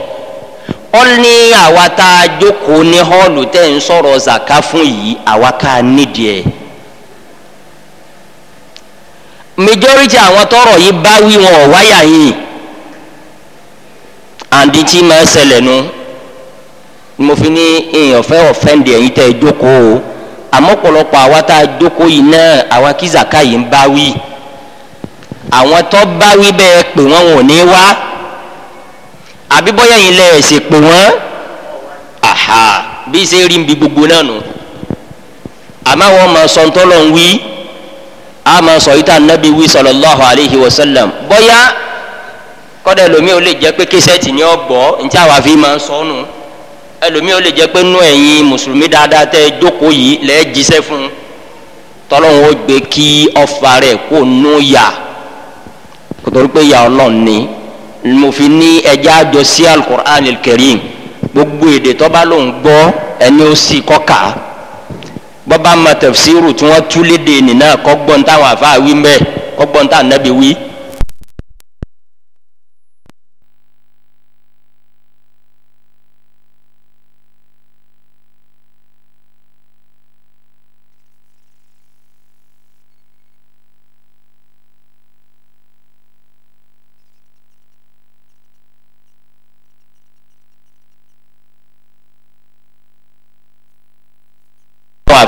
ó ní àwa tá a jókòó ní họ́ọ̀lù tẹ́ ń sọ̀rọ̀ zaka fún yìí àwa ká nídìí ẹ̀ majority àwọn tọrọ yìí bá wí wọn ọ̀ wáyà yìí àǹdí tí máa ṣẹlẹ̀ nu ni mo fi ní èèyàn fẹ́ ọ̀fẹ́ǹdì ẹ̀yìn tẹ́ ẹ jókòó o àmọ́ pọ̀lọpọ̀ àwa tá a jókòó yìí náà àwa kí zaka yìí ń bá wí àwọn tó bá wí bẹ́ẹ̀ pè wọ́n wọn ní wá àbí yìí lẹ̀ ẹ̀sìn pè wọ́n àhà bí ṣe rí nbí gbogbo náà nù àmọ́ àwọn ọmọ sọ̀ńtọ́ lọ́n wí àmọ́ sọ̀yìntà nàbí wí sallallahu alayhi wa sallam bọ́yá kọ́dà ẹlòmíì ó lè jẹ́ pé késẹ́ẹ̀tì ni ọ gbọ́ ntí àwa fi máa ń sọnù ẹlòmíì ó lè jẹ́ pé nú ẹ̀yin mùsùlùmí dáadáa tẹ́ ẹ jókòó yìí lẹ́ẹ̀ jíṣẹ́ fún tọ́lọ́hún ó gbé kí ọfà rẹ̀ kó nú yà kòtòrí pé yà ọlọ́run ni mo fi ní ẹja àjọ sí alukur'an kẹrin gbogbo èdè tọ́ba ló ń gbọ́ ẹni ó sì kọ́ka bọ́ba ma tafsiru tí wọ́n túlé dè nínà kọ́gbọ́n táwọn àfa wí mẹ́ kọ́gbọ́n táwọn nàbí wí.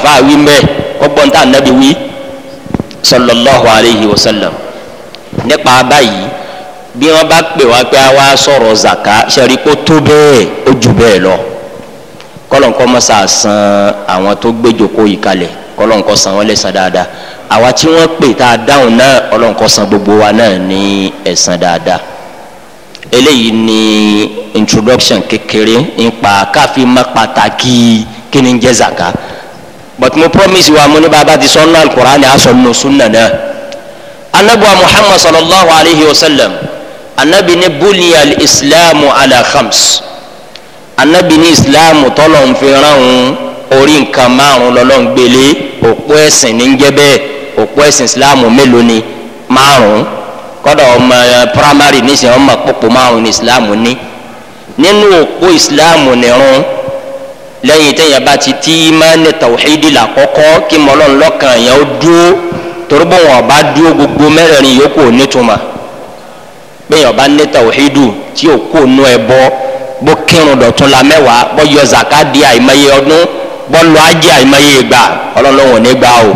àfa wí mbẹ ọgbọ́n tá ànábi wí sallallahu alayhi wa sallam nípa báyìí bí wọ́n bá pè wá pé wá sọ̀rọ̀ zaka sẹ́rí kó tó bẹ́ẹ̀ ó jù bẹ́ẹ̀ lọ kọ́lọ́nkọ́ mọ́ sà san àwọn tó gbẹ́jọ́kó yìí kalẹ̀ kọ́lọ́nkọ́ san wọ́n lẹ́sàn dáadáa àwa tí wọ́n pè tá a dáhùn náà ọlọ́nkọ́ san gbogbo wa náà ní ẹ̀san dáadáa eléyìí ni introduction kékeré nípa káfí má pàtàkì kí ni ń jẹ́ zaka but mo promise wa mo ní bàbá ti sọnù alukur'ani a sọnù sunna náà anabiwa muhammad sallallahu alayhi wa sallam anabi ni buniyal islamu ala khams anabi ni islamu tọ́lọ̀ ń fi ránun orí nǹkan márùn lọ́lọ́ ń gbélé òpó ẹ̀sìn ní jẹ́bẹ́ òpó ẹ̀sìn islamu mélòó ni márùn kọ́dọ̀ ọmọ eh, primary nísìnyí ọmọ pọ̀pọ̀ márùn ní islamu ní nínú òpó islamu nìrún lẹ́yìn tẹ́yìn bá ti tí imáni tawhidi la kọ́kọ́ kí mọ́lọ́n lọ́kàn yẹn ó dúró torúbọ̀ wọn bá dúró gbogbo mẹ́rẹ̀ẹ̀rin yòókù nítumọ̀ bẹ́ẹ̀ ọba ní tawhidu tí ò kó nú ẹ bọ́ bó kírun dọ̀tún la mẹ́wàá bọ́ yọ zaka di àìmọye ọdún bọ́ lọ ajé àìmọye ìgbà ọlọ́lọ́wọ̀n ní gbà o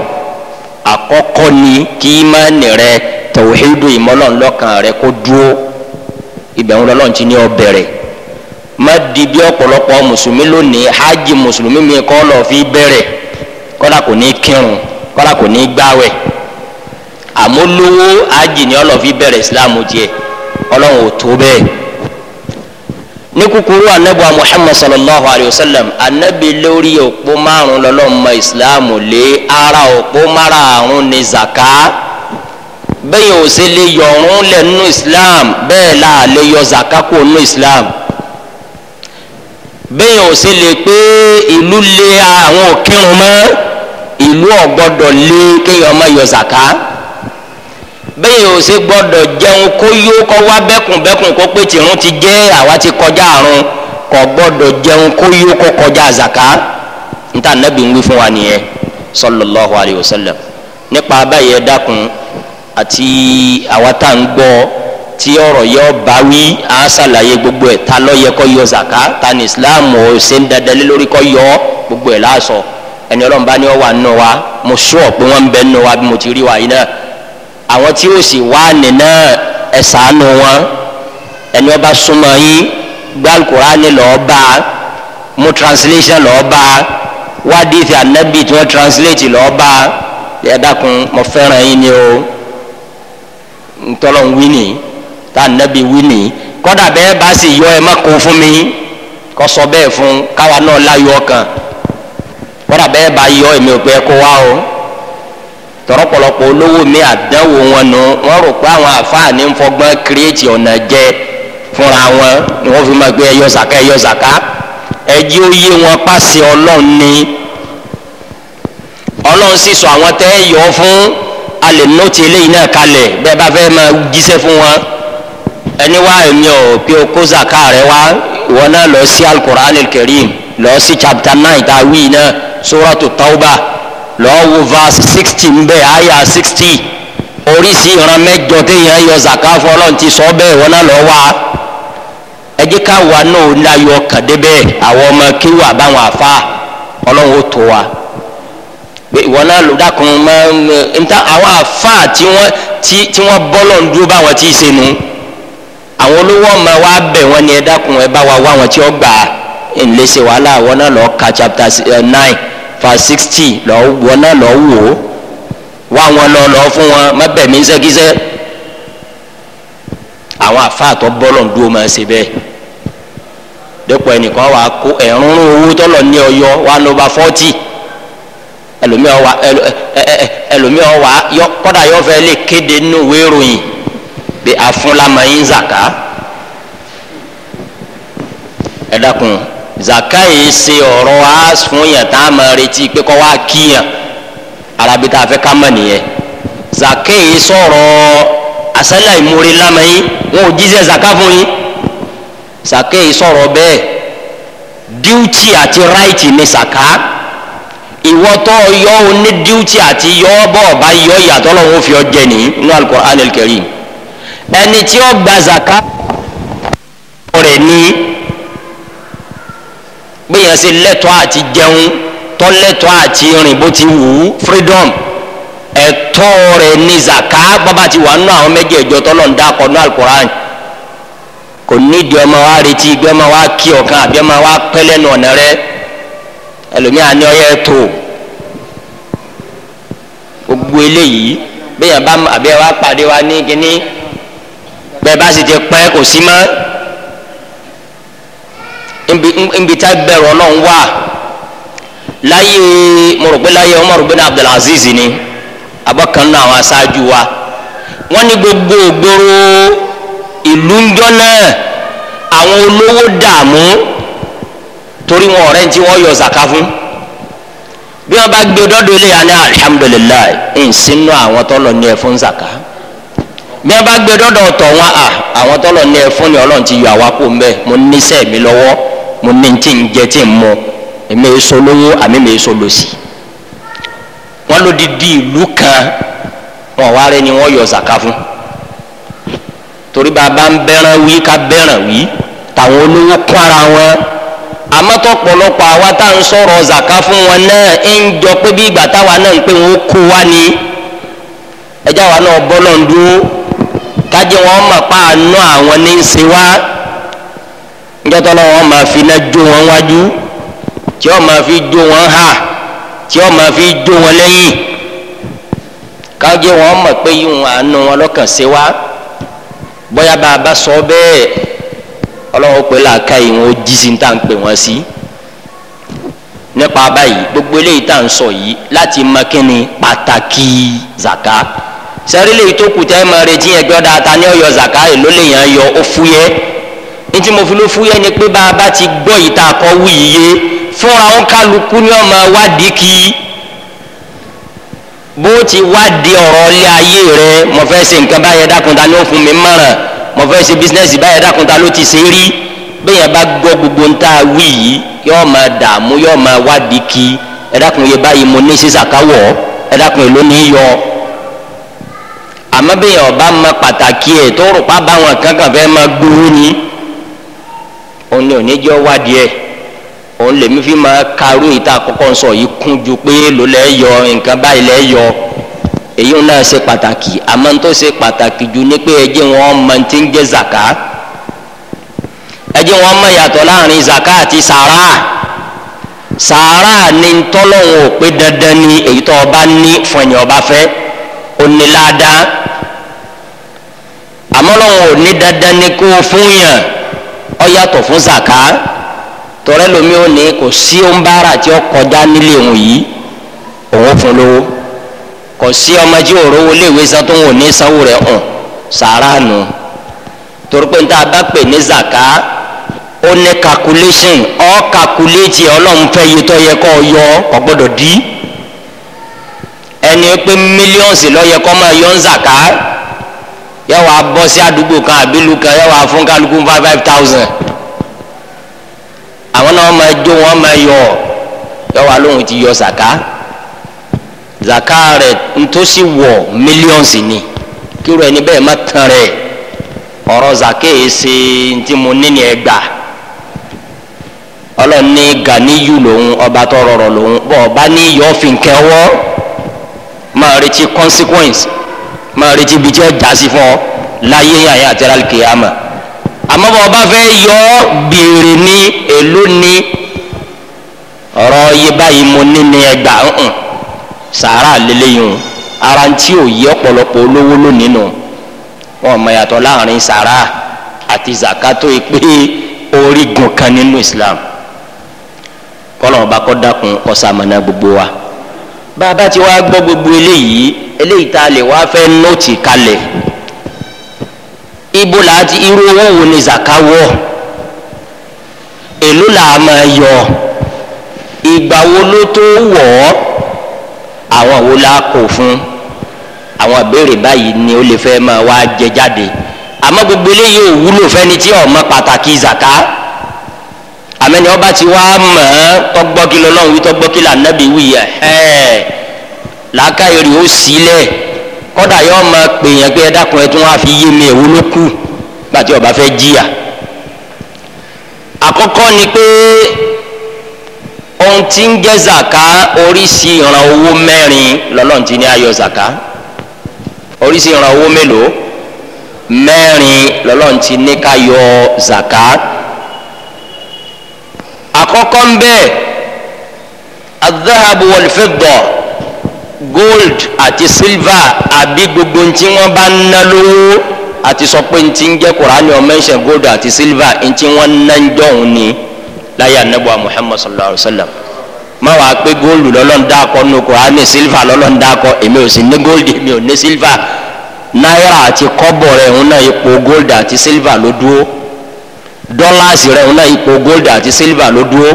àkọ́kọ́ ni kí imáni rẹ tawhidu ìmọ́lọ́n lọ́kàn rẹ kó dúró ibẹ̀ ń lọ́lọ́n ti ní ọ bẹ̀rẹ̀ má di bí ọ̀pọ̀lọpọ̀ mùsùlùmí lónìí hajj mùsùlùmí mi kọ́ lọ fi bẹ̀rẹ̀ kọ́dà kò ní kírun kọ́dà kò ní gbáwẹ̀ àmúlówó hajj ni ọlọ́ fi bẹ̀rẹ̀ ìsìlámù tiẹ̀ ọlọ́run ò tó bẹ́ẹ̀ ní kúkúrú anabuwa muhammad sallallahu alayhi wa sallam anabi lórí òpó márùn lọlọ́mọ ìsìlámù lé ara òpó márùn ní zaka bẹ́ẹ̀ yóò ṣe lè yọ̀ọ̀rún lẹ̀ islam bẹ́ẹ̀ la lè yọ zaka kó nínú islam bẹ́ẹ̀ ò sì lè pé ìlú lé àwọn òkèrún mọ́ ìlú ọ̀gbọ́dọ̀ lé kéèyàn ọmọ yọ zàká bẹ́ẹ̀ ò sì gbọ́dọ̀ jẹun kó yó kọ́ wá bẹ́kùnbẹ́kùn kó pé tìrún ti jẹ́ àwa ti kọjá àrùn kò gbọ́dọ̀ jẹun kó yó kó kọjá zàká níta nàbì ń wí fún wa nìyẹn sallallahu alayhi wa sallam nípa abáyé dákun àti àwa tá à ń gbọ́ ọ tí ọ̀rọ̀ yọ bá wí á ṣàlàyé gbogbo ẹ̀ ta ló yẹ kó yọ zaka ta ni islam ò ṣe ń dandan lé lórí kó yọ gbogbo ẹ̀ láàṣọ ẹni ọlọ́run bá ní ọ wà nù wa mo sọ pé wọ́n ń bẹ nù wa bí mo ti rí wa yìí náà àwọn tí ó sì wá nì náà wọn ẹni ọba súnmọ́ yín gbàǹkúránì lọ́ọ́ bá mo translation lọ́ọ́ bá wádìí ti ànábì tí wọ́n translate lọ́ọ́ bá ẹ dákun mo fẹ́ràn yín ni o ntọ́lọ́ ń wí nìyí tá a nẹ́bi wí nìyí kọ́dà bẹ́ẹ̀ bá sì yọ ẹ má kó fún mi kọ́ sọ bẹ́ẹ̀ fún káwa náà láyọ̀ ọkàn kọ́dà bẹ́ẹ̀ bá yọ èmi ò pé kó wá o tọ̀rọ̀pọ̀lọpọ̀ olówó mi àdánwò wọn nù wọ́n rò pé àwọn àfáàní ń fọgbọ́n kírẹ́ẹ̀tì ọ̀nà jẹ fúnra wọn ni wọ́n fi máa gbé ẹyọ zàká ẹyọ zàká ẹjí ó yé wọn pàṣẹ ọlọ́run ni ọlọ́run sì sọ àwọn tẹ́ yọ fún alẹ́ nọ́ọ̀tì eléyìí náà kalẹ̀ bẹ́ẹ̀ bá fẹ́ máa jíṣẹ́ fún wọn ẹni wá èmi ò pé o kó zaka rẹ wá ìwọ náà lọ sí alukur'an kẹrim lọ sí chapter nine tá wí náà suratu tauba lọ wo verse sixty ń bẹ àyà sixty oríṣi ìran mẹ́jọ téèyàn yọ zaka fọlọ́n ti sọ bẹ́ẹ̀ ìwọ náà lọ wá ẹ jẹ́ ká wa náà láyọ̀ kàn débẹ̀ àwọn ọmọ kéwà báwọn àfa ọlọ́run ó tó wa pé ìwọ náà ló dákun máa ń ta àwọn àfa tí wọ́n bọ́lọ̀ ń dúró báwọn tí ì sẹ́nu. àwọn olówó ọmọ wa bẹ̀ wọ́n ni ẹ dákun bá wa wá wọn tí ó gbà á ńlẹ̀ ṣe wàhálà wọn náà lọ ka chapter eh, nine verse sixty wọn náà lọ wò ó wá wọn lọ lọ fún wọn má bẹ̀ mí àwọn àfáàtọ̀ bọ́lọ̀ ń yọ fẹ́ lè kéde nínú pé afúnlámọ yín zaka ẹ zaka yìí ṣe ọ̀rọ̀ á fún yàn tá a máa retí pé kọ́ wá kíyàn arabi tá a fẹ́ ká mọ̀ nìyẹn zaka yìí sọ̀rọ̀ asálà ìmúre lámọ yín wọn ò jíṣẹ́ zaka fún yín zaka yìí sọ̀rọ̀ bẹ́ẹ̀ duty àti right ni zaka ìwọ tó yọ ọ ní duty àti yọ ọ bọ̀ ọba yọ ìyàtọ̀ lọ́wọ́ fi ọ jẹ nìyí nínú alukur'an el-karim ẹni tí ó gba zaka rẹ̀ ní gbìyànjú sí lẹ́tọ́ àti jẹun tọ́lẹ́tọ́ àti rìn bó ti wù ú freedom ẹ̀tọ́ rẹ̀ ní zaka bàbá ti wà nínú àwọn mẹ́jẹ̀ẹ̀jọ tọ́lọ̀ ń dákọ̀ ní alukoran kò nídìí ọmọ wa retí gbé ọmọ wa kí ọ̀kan àbí ọmọ wa pẹ́ lẹ́nu ọ̀nà rẹ ẹlòmíà ní ọyẹ tó gbogbo eléyìí bẹ́ẹ̀ yẹn bá àbí ẹ wá pàdé wa ní kíní bẹ́ẹ̀ bá sì ti pẹ́ kò sí mọ́ nbi tá bẹ̀rù ọlọ́run wà láyé mo rò pé láyé Umar bin Abdulaziz ni abọ́kànnú àwọn aṣáájú wa wọ́n ní gbogbo ògbóró ìlú ńjọ́ náà àwọn olówó dààmú torí wọn ọ̀rẹ́ tí wọ́n yọ zaka fún bí wọ́n bá gbé dọ́dọ̀ ilé yà ní alhamdulilayi ń sinú àwọn tọ́lọ̀ ní ẹ̀ fún zaka. bí wọn bá gbé dọdọ tọ àwọn tọlọ ní ẹ ni Ọlọ́run ti yọ àwa kó mo mi lọ́wọ́ mo ní tí ń jẹ tí ń mọ èmi èso lówó àmì mi èso lòsì wọn ló di ìlú kan wọn wá rẹ ni wọn yọ zaka fún torí bàbá ń wí ká bẹ̀rẹ̀ wí tàwọn olówó kọ́ ara wọn kájẹ́ wọn mọ̀ pa àánú àwọn ní í ṣe wá njẹ́tọ́ náà wọ́n máa fi iná jó wọn wájú tí wọ́n máa fi jó wọn hà tí wọ́n máa fi jó wọn lẹ́yìn kájẹ́ wọn mọ̀ pé yíwọn àánú wọn lọ́kàn ṣe wá bóyá bá a bá sọ bẹ́ẹ̀ ọlọ́wọ́ pé làákà yìí wọn ó jí sí ní tá à ń pè wọ́n sí nípa báyìí gbogbo eléyìí tá à ń sọ yìí láti mọ kí ni pàtàkì zaka sẹ́rí lè tó kù tẹ́ ẹ máa retí yẹn gbọ́dọ̀ ata ní ọ̀yọ́ zaka èló lè yàn ofuye, ó fúyẹ́ ní mo fi ló fúyẹ́ ni pé bá a bá ti gbọ́ yìí tá a kọ́ wù yìí yé fúnra wọn kálukú ní ọmọ wádìí kí bó ti wádìí ọ̀rọ̀ ilé ayé rẹ mo fẹ́ ṣe nǹkan báyẹn dákunta ní òfin mi mọ̀ràn mo fẹ́ ṣe bísínẹ́sì báyẹn dákunta ló ti ṣe rí bẹ́ẹ̀ yẹn bá gbọ́ gbogbo ń tá a wí yìí yọ́ọ́ máa dààmú yọ́ọ́ máa wádìí kí ẹ̀dákun yẹ báyìí mo ní sísàkáwọ̀ ẹ̀dákun èló ní yọ àmọ́ bẹ́ẹ̀ ọba ma pàtàkì ẹ̀ tó rò pa báwọn kankan fẹ́ máa gbowó ni òun ni oníjọ́ wádìí ẹ̀ òun lèmi fi máa karú ìta àkọ́kọ́ sọ yìí kún ju pé ló lẹ́ yọ nǹkan báyìí lẹ́ yọ èyí náà ṣe pàtàkì àmọ́ tó ṣe pàtàkì ju ní pé ẹjẹ́ wọn mọ ti ń jẹ́ zaka ẹjẹ́ wọn mọ yàtọ̀ láàrin zaka àti sàrà sàrà ni tọ́lọ́hún ò pé dandan ni èyí tó ọba ní fún ọba fẹ́ onílàdá àmọ́ lọ́wọ́ ní dandan ni kó o fún yàn ọ yàtọ̀ fún zaka tọrẹ lomi ò ní kò sí ombara tí ó kọjá nílé òun yìí òun fún lówó kò sí ọmọ tí òun rówó tó ń wò ní sanwó hàn níta bá pè ní ọ calculate ọlọ́run fẹ́ iye tó yọ kò gbọ́dọ̀ dí ẹni pé mílíọ̀nsì ló yẹ máa yọ ń zaka. yẹ wàá bọ́ sí àdúgbò kan àbílù kan yẹ wàá fún kálukú five five thousand àwọn náà máa jó wọn máa yọ yẹ wàá ti yọ sàká zaka rẹ̀ ntòsí wọ millions ni kíru ẹni bẹ́ẹ̀ má tán rẹ̀ ọ̀rọ̀ zaka yìí ṣe ntí ni ganiyu lòun ọba tó Rọrọ lòun ní yọ̀ọ́fin kẹwọ́ máa máa retí ibi tí ó já sí fún ọ láyé yàyà àti alikiyama àmọ́ bá ọba fẹ́ yọ ọ́ béèrè ní èló ní ọ̀rọ̀ yé báyìí mo ní ní ẹgbà ńhùn sàárà lélẹ́yìn ara ń tí ò yí ọ̀pọ̀lọpọ̀ olówó lónìí nù wọn mọ yàtọ̀ láàrin sàárà àti zakato yìí orígun kan nínú Islam kọ́lọ́mọba kọ́ dákun ọ̀sàmọ̀nà gbogbo wa bá a bá ti wá gbọ́ gbogbo eléyìí eléyìí tá a lè wá fẹ́ nóòtì kalẹ̀ ibo la ti irú owó wo ni zaka wọ̀ èló la máa yọ ìgbà wo ló tó wọ̀ ọ́ àwọn wo la kò fún àwọn ìbéèrè báyìí ni ó lè fẹ́ máa wá jẹ jáde àmọ́ gbogbo eléyìí ò wúlò fẹ́ni tí ọmọ pàtàkì zaka àmẹ́ni ọba ti wá mọ̀ ọ́ tọ́gbọ́kí lọ́lọ́run wí tọ́gbọ́kí là wí ẹ̀ ẹ́ làákàyè rẹ̀ ó sílẹ̀ kọ́dà yóò máa pè yẹn pé ẹ̀dákun ẹ̀ tí wọ́n á fi yé mi ẹ̀wọ́ ló kù gbàtí ọba fẹ́ jìyà àkọ́kọ́ ni pé ohun tí ń jẹ́ zaka oríṣi ìran owó mẹ́rin lọ́lọ́run ti ní ayọ̀ zaka oríṣi ìran owó mélòó mẹ́rin lọ́lọ́run ti ní ká zaka àkọ́kọ́ ń bẹ́ẹ̀ adhahabu wal fidda gold àti silver àbí gbogbo ntí wọn bá ná lówó àti sọ pé ntí ń jẹ kurani ó mention gold àti silver ntí wọn ná ń dọ̀hún ni láyé anabu muhammad sallallahu alayhi wa sallam má wàá pé gold lọ́lọ́n dákọ̀ nù kurani silver lọ́lọ́n dákọ̀ èmi ò sì ní gold èmi ò ní silver náírà àti kọ́bọ̀ rẹ̀ ń ná ipò gold àti silver ló dúró dọ́làsì rẹ̀ ń ná ipò gold àti silver ló dúró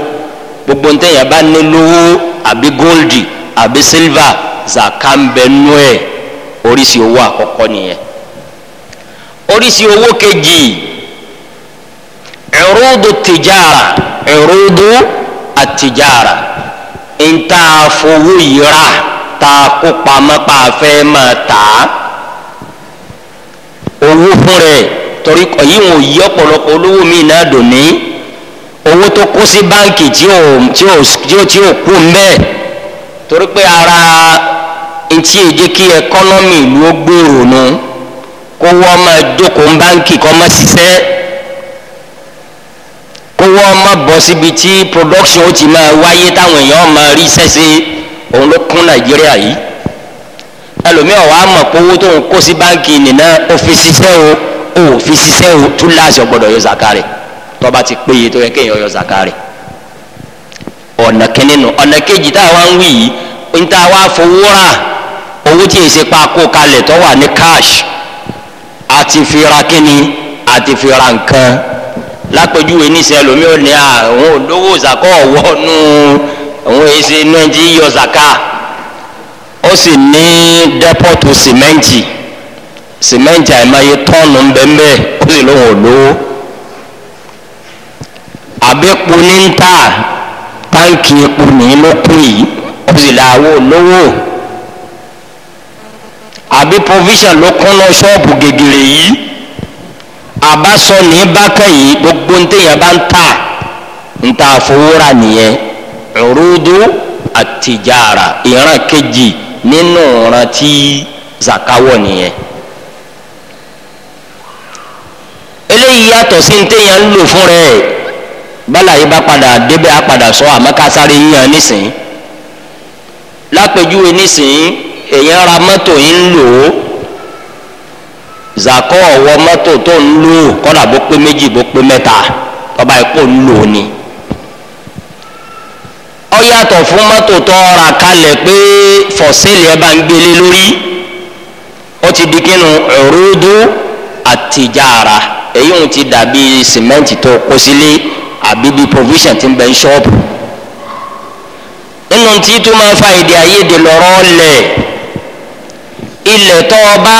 gbogbo ntẹ̀yìn bá ní lówó àbí gold àbí silver zaka ń bẹ nú ẹ̀ oríṣi owó àkọ́kọ́ nìyẹn oríṣi owó kejì ẹ̀rọ́dù tìjára ẹ̀rọ́dù àtìjára ń tá a fowó yìí rà tá a kó pamọ́ pa afẹ́ máa tà á owó fún rẹ̀ torí èyí wọn ò yí ọ̀pọ̀lọpọ̀ olówó mi náà dùn owó tó kó sí báǹkì tí ò tí ò tí ò kú ń torí pé ara ntí èjé kí ẹkọ́nọ́mì ìlú ó gbòòrò nu kó wọ́n máa jókòó ń báńkì kọ́ máa ṣiṣẹ́ kó wọ́n máa bọ̀ síbi tí production ó ti máa wáyé táwọn èèyàn máa rí sẹ́sẹ́ òun ló kún nàìjíríà yìí ẹlòmíràn wàá mọ̀ pé owó tóun kó sí báńkì nìna ó fi ṣiṣẹ́ o ó fi ṣiṣẹ́ o túláàsì ọ̀gbọ́dọ̀ yọ zakari tọ́ba ti péye tó yẹ kéèyàn yọ zakari ọ̀nà kìnínú ọ̀nà kejì táwa ń wí yìí ń táwa fowó rà owó tí èsì pa kó kalẹ̀ tó wà ní cash àti fi ra kíni àti fi ra nǹkan lápẹjúwe níṣẹ́ lomi ò ní à òun ò lówó zakọ́ ọ̀wọ́ nù òun èsì nàìjí yọ zaka ó sì ní dẹ́pọ̀tù sìmẹ́ǹtì sìmẹ́ǹtì àìmáyé tọ́ọ̀nù ńbẹ́ńbẹ́ ó sì lóun ò àbẹ́pọ̀ ní ń ta táǹkì epo nìyí ló kún yìí ó sì là wò lówó àbí provision ló kún lọ ṣọ́ọ̀bù gègèrè yìí àbásọ ní bákan yìí gbogbo ní téèyàn bá ń tà ń ta àfowórà nìyẹn rúdú àtijàrà ìran kejì nínú ìran tí zakawọ nìyẹn. eléyìí yàtọ̀ sí ní téèyàn ń lò fún rẹ̀ bálà bá padà débẹ̀ á sọ àmọ́ ká sáré yíyan nísìnyí lápèjúwe nísìnyí. èyàn ra mọ́tò yìí ń lò ó zakọ ọwọ́ mọ́tò tó ń lò kọ́dà bó pé méjì bó pé ni ọ yàtọ̀ fún mọ́tò tó ra kalẹ̀ pé fọ̀sẹ́lì ẹ̀ bá ń gbélé lórí ó ti di kínu ẹ̀rúdú àtijára èyí ń ti dàbí sìmẹ́ǹtì tó kó sílé àbí provision ti ń bẹ ṣọ́ọ̀bù nínú tí tó ilẹ̀ tó o pé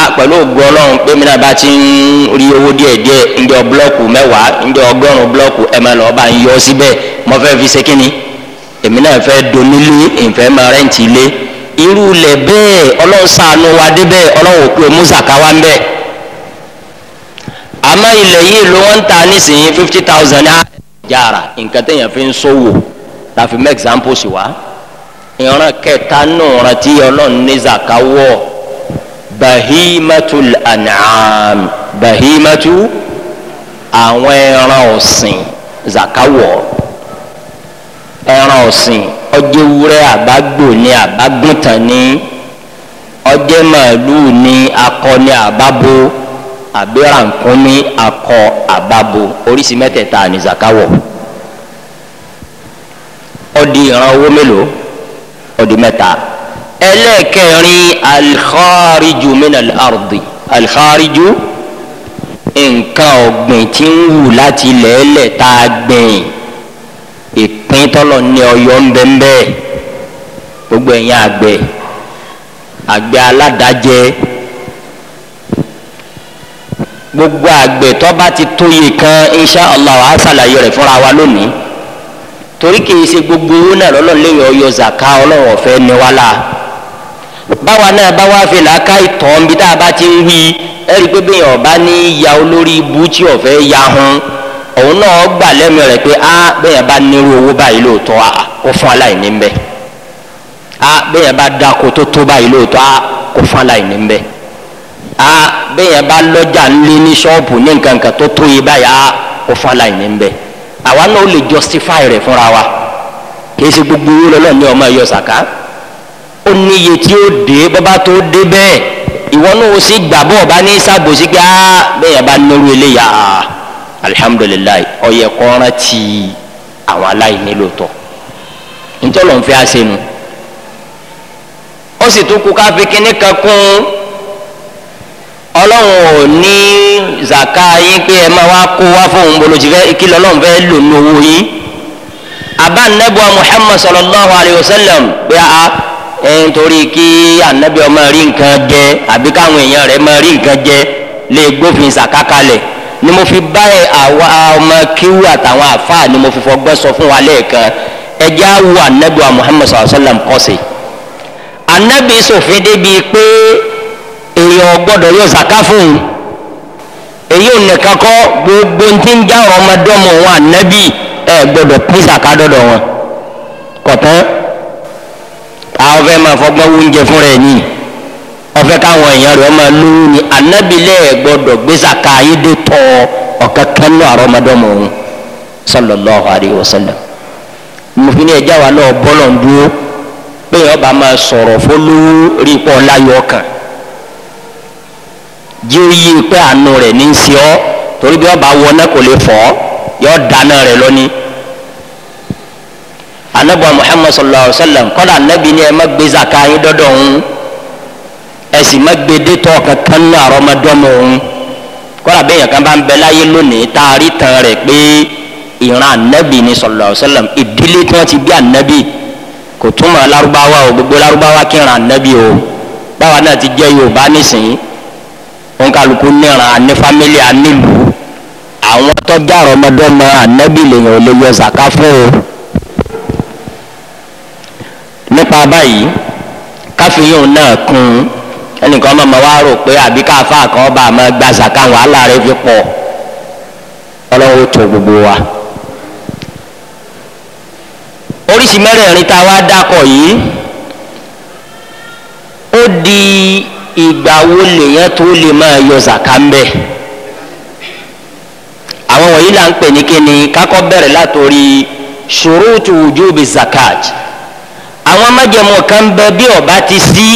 a pẹ̀lú ògùn ọlọ́run pé mi náà bá ti ń rí owó díẹ̀ díẹ̀ ǹjẹ́ blọ́ọ̀kù mẹ́wàá ǹjẹ́ ọgọ́rùn blọ́ọ̀kù ẹ̀ máa lọ́ọ́ bá ń yọ síbẹ̀ mo fẹ́ fi ṣe kínni èmi náà fẹ́ donílé ìfẹ́ máa rẹ́ǹtì ilé irú ilẹ̀ bẹ́ẹ̀ ọlọ́run ṣàánú wa dé bẹ́ẹ̀ ọlọ́run òkú ń àmọ́ ilẹ̀ yìí ló wọ́n ń ta fi ń ìran kẹta nù rántí ọlọ́run ní zakawọ́ bahimatul an'am bahimatu àwọn ẹran ọ̀sìn zakawọ́ ẹran ọ̀sìn ọjọ́ ewúrẹ́ àbágbò ní àbágùntàn ní ọjọ́ màálùú ní akọ ní àbábo àbí rànkúnmí akọ àbábo oríṣi mẹ́tẹ̀ẹ̀ta ní zakawọ́ ó ìran owó mélòó odi mẹ́ta ẹlẹ́ẹ̀kẹrin alikhariju minal ardi alikhariju nǹkan ọ̀gbìn tí ń wù láti lẹ́ẹ̀lẹ̀ tá a gbìn ìpín tọ́lọ̀ ní ọyọ́ ńbẹ́ńbẹ́ gbogbo ẹ̀yìn àgbẹ̀ àgbẹ̀ aládàjẹ́ gbogbo àgbẹ̀ tó bá ti tóye kan insha Allah àṣàlàyé rẹ̀ fúnra wa lónìí torí kìí ṣe gbogbo owó náà lọ́lọ́ léyìn ọyọ zaka ọlọ́wọ́ fẹ́ ni wá la báwa náà bá fi làákà ìtàn bí tá a bá ti ń wí ẹ rí i pé bẹ́ẹ̀ ọba ní ya olórí ibú tí ọ̀fẹ́ ya hun òun náà gbà lẹ́nu rẹ̀ pé a bẹ́ẹ̀ bá nírú owó báyìí lóòótọ́ a kò fún aláìní ń bẹ a bẹ́ẹ̀ bá dáko tó tó báyìí lóòótọ́ a kò fún aláìní ń bẹ a bẹ́ẹ̀ bá lọ́jà ńlé ní ṣọ́ọ̀bù ní nǹkan kan tó tó yẹ báyìí a kò fún aláìní ń àwa náà lè justify rẹ̀ fúnra wa kìí ṣe gbogbo owó lọ́nà ní ọmọ ẹ̀yọ sàká ó ní iye tí ó dé bọ́bá tó dé bẹ́ẹ̀ ìwọ náà ó sì gbà bọ́ ọba ní sàbòsí pé á bẹ́ẹ̀ bá nírú eléyà alihamudulilayi ọyẹ kọ́ran ti àwọn aláìní lóòótọ́ ntọ́lọ́nfẹ́ àṣẹnu ó sì tún kú káfí kínní zaka yín pé ẹ máa wá kó wá fóun bolo ti fẹ́ kí lọ́lọ́run fẹ́ lò ní owó yín abá nẹ́bù muhammad sallallahu alayhi wa sallam pé a ẹ ń torí kí anabi ọmọ rí nǹkan jẹ àbí káwọn èèyàn rẹ máa rí nǹkan jẹ lè gbófin zaka kalẹ̀ ni mo fi báyìí àwa ọmọ kíwú àtàwọn àfáà ni mo fi fọgbọ́n sọ fún wa lẹ́ẹ̀kan ẹ jẹ́ àwọ̀ anabi muhammad sallallahu alayhi wa sallam kọ́ anabi sòfin débi pé èèyàn gbọ́dọ̀ yọ zaka fún un èyí ò nìkan kọ́ gbogbo tí ń já ọmọdọ́mọ wọn ànábì ẹ gbọdọ̀ pín sàkádọ́dọ̀ wọn kọ̀tán àwọn fẹ́ máa fọgbọ́n oúnjẹ fúnra ẹ̀ yìí ọ̀fẹ́ káwọn èèyàn rẹ̀ máa lówó ni ànábì lẹ́ gbọdọ̀ gbé sàká ayédè tọ́ ọ̀kan kan ní àrọ́mọdọ́mọ òun sallallahu alayhi wa sallam mufin ni ẹja wa náà bọ́lọ̀ ń dúró bẹ́ẹ̀ ọba máa sọ̀rọ̀ fólú rí pọ̀ láyọ̀ kan jí ó yí pé àánú rẹ̀ ní í ṣe ọ́ torí bí ọba wọ náà kò lè fọ́ yọ dáná rẹ̀ lónìí. anabuwa muhammad sallallahu alaihi wa sallam kọ́lá anabi ni ẹ má gbé zaka yín dọ́dọ̀ òun ẹ sì má gbé détọ́ kankan ní àrọ́mọdọ́mọ òun kọ́lá bẹ́ẹ̀ yẹn kan bá ń bẹ láyé lónìí tá a rí tan rẹ̀ pé ìran anabi ni sallallahu alaihi wa sallam ìdílé tí wọ́n ti bí anabi kò túmọ̀ lárúbáwá o gbogbo lárúbáwá kí ìran anabi o báwa náà ti jẹ́ yorùbá nísìnyí ònkàlùkù níran àní fámílì ànílù àwọn tọ́jà ọmọdọ́mọ ànábì lèyàn ò lè yọ zaka fún o nípa báyìí káfíyàn náà kún ẹnìkan máa ma wá rò pé àbí káfá kan ọba àmọ́ gba zaka wàhálà rẹ fi pọ̀ ọlọ́wọ́ tó gbogbo wa oríṣi mẹ́rẹ̀ẹ̀rin tá a wá dákọ̀ yìí ó di ìgbà wo lèyàn tó lè máa yọ zaka ń bẹ àwọn wọ̀nyí là ń pè ní kíni kákọ́ bẹ̀rẹ̀ látòrí ṣurutu wujubi zakat àwọn májẹ̀mú kan bẹ bí ọba ti sí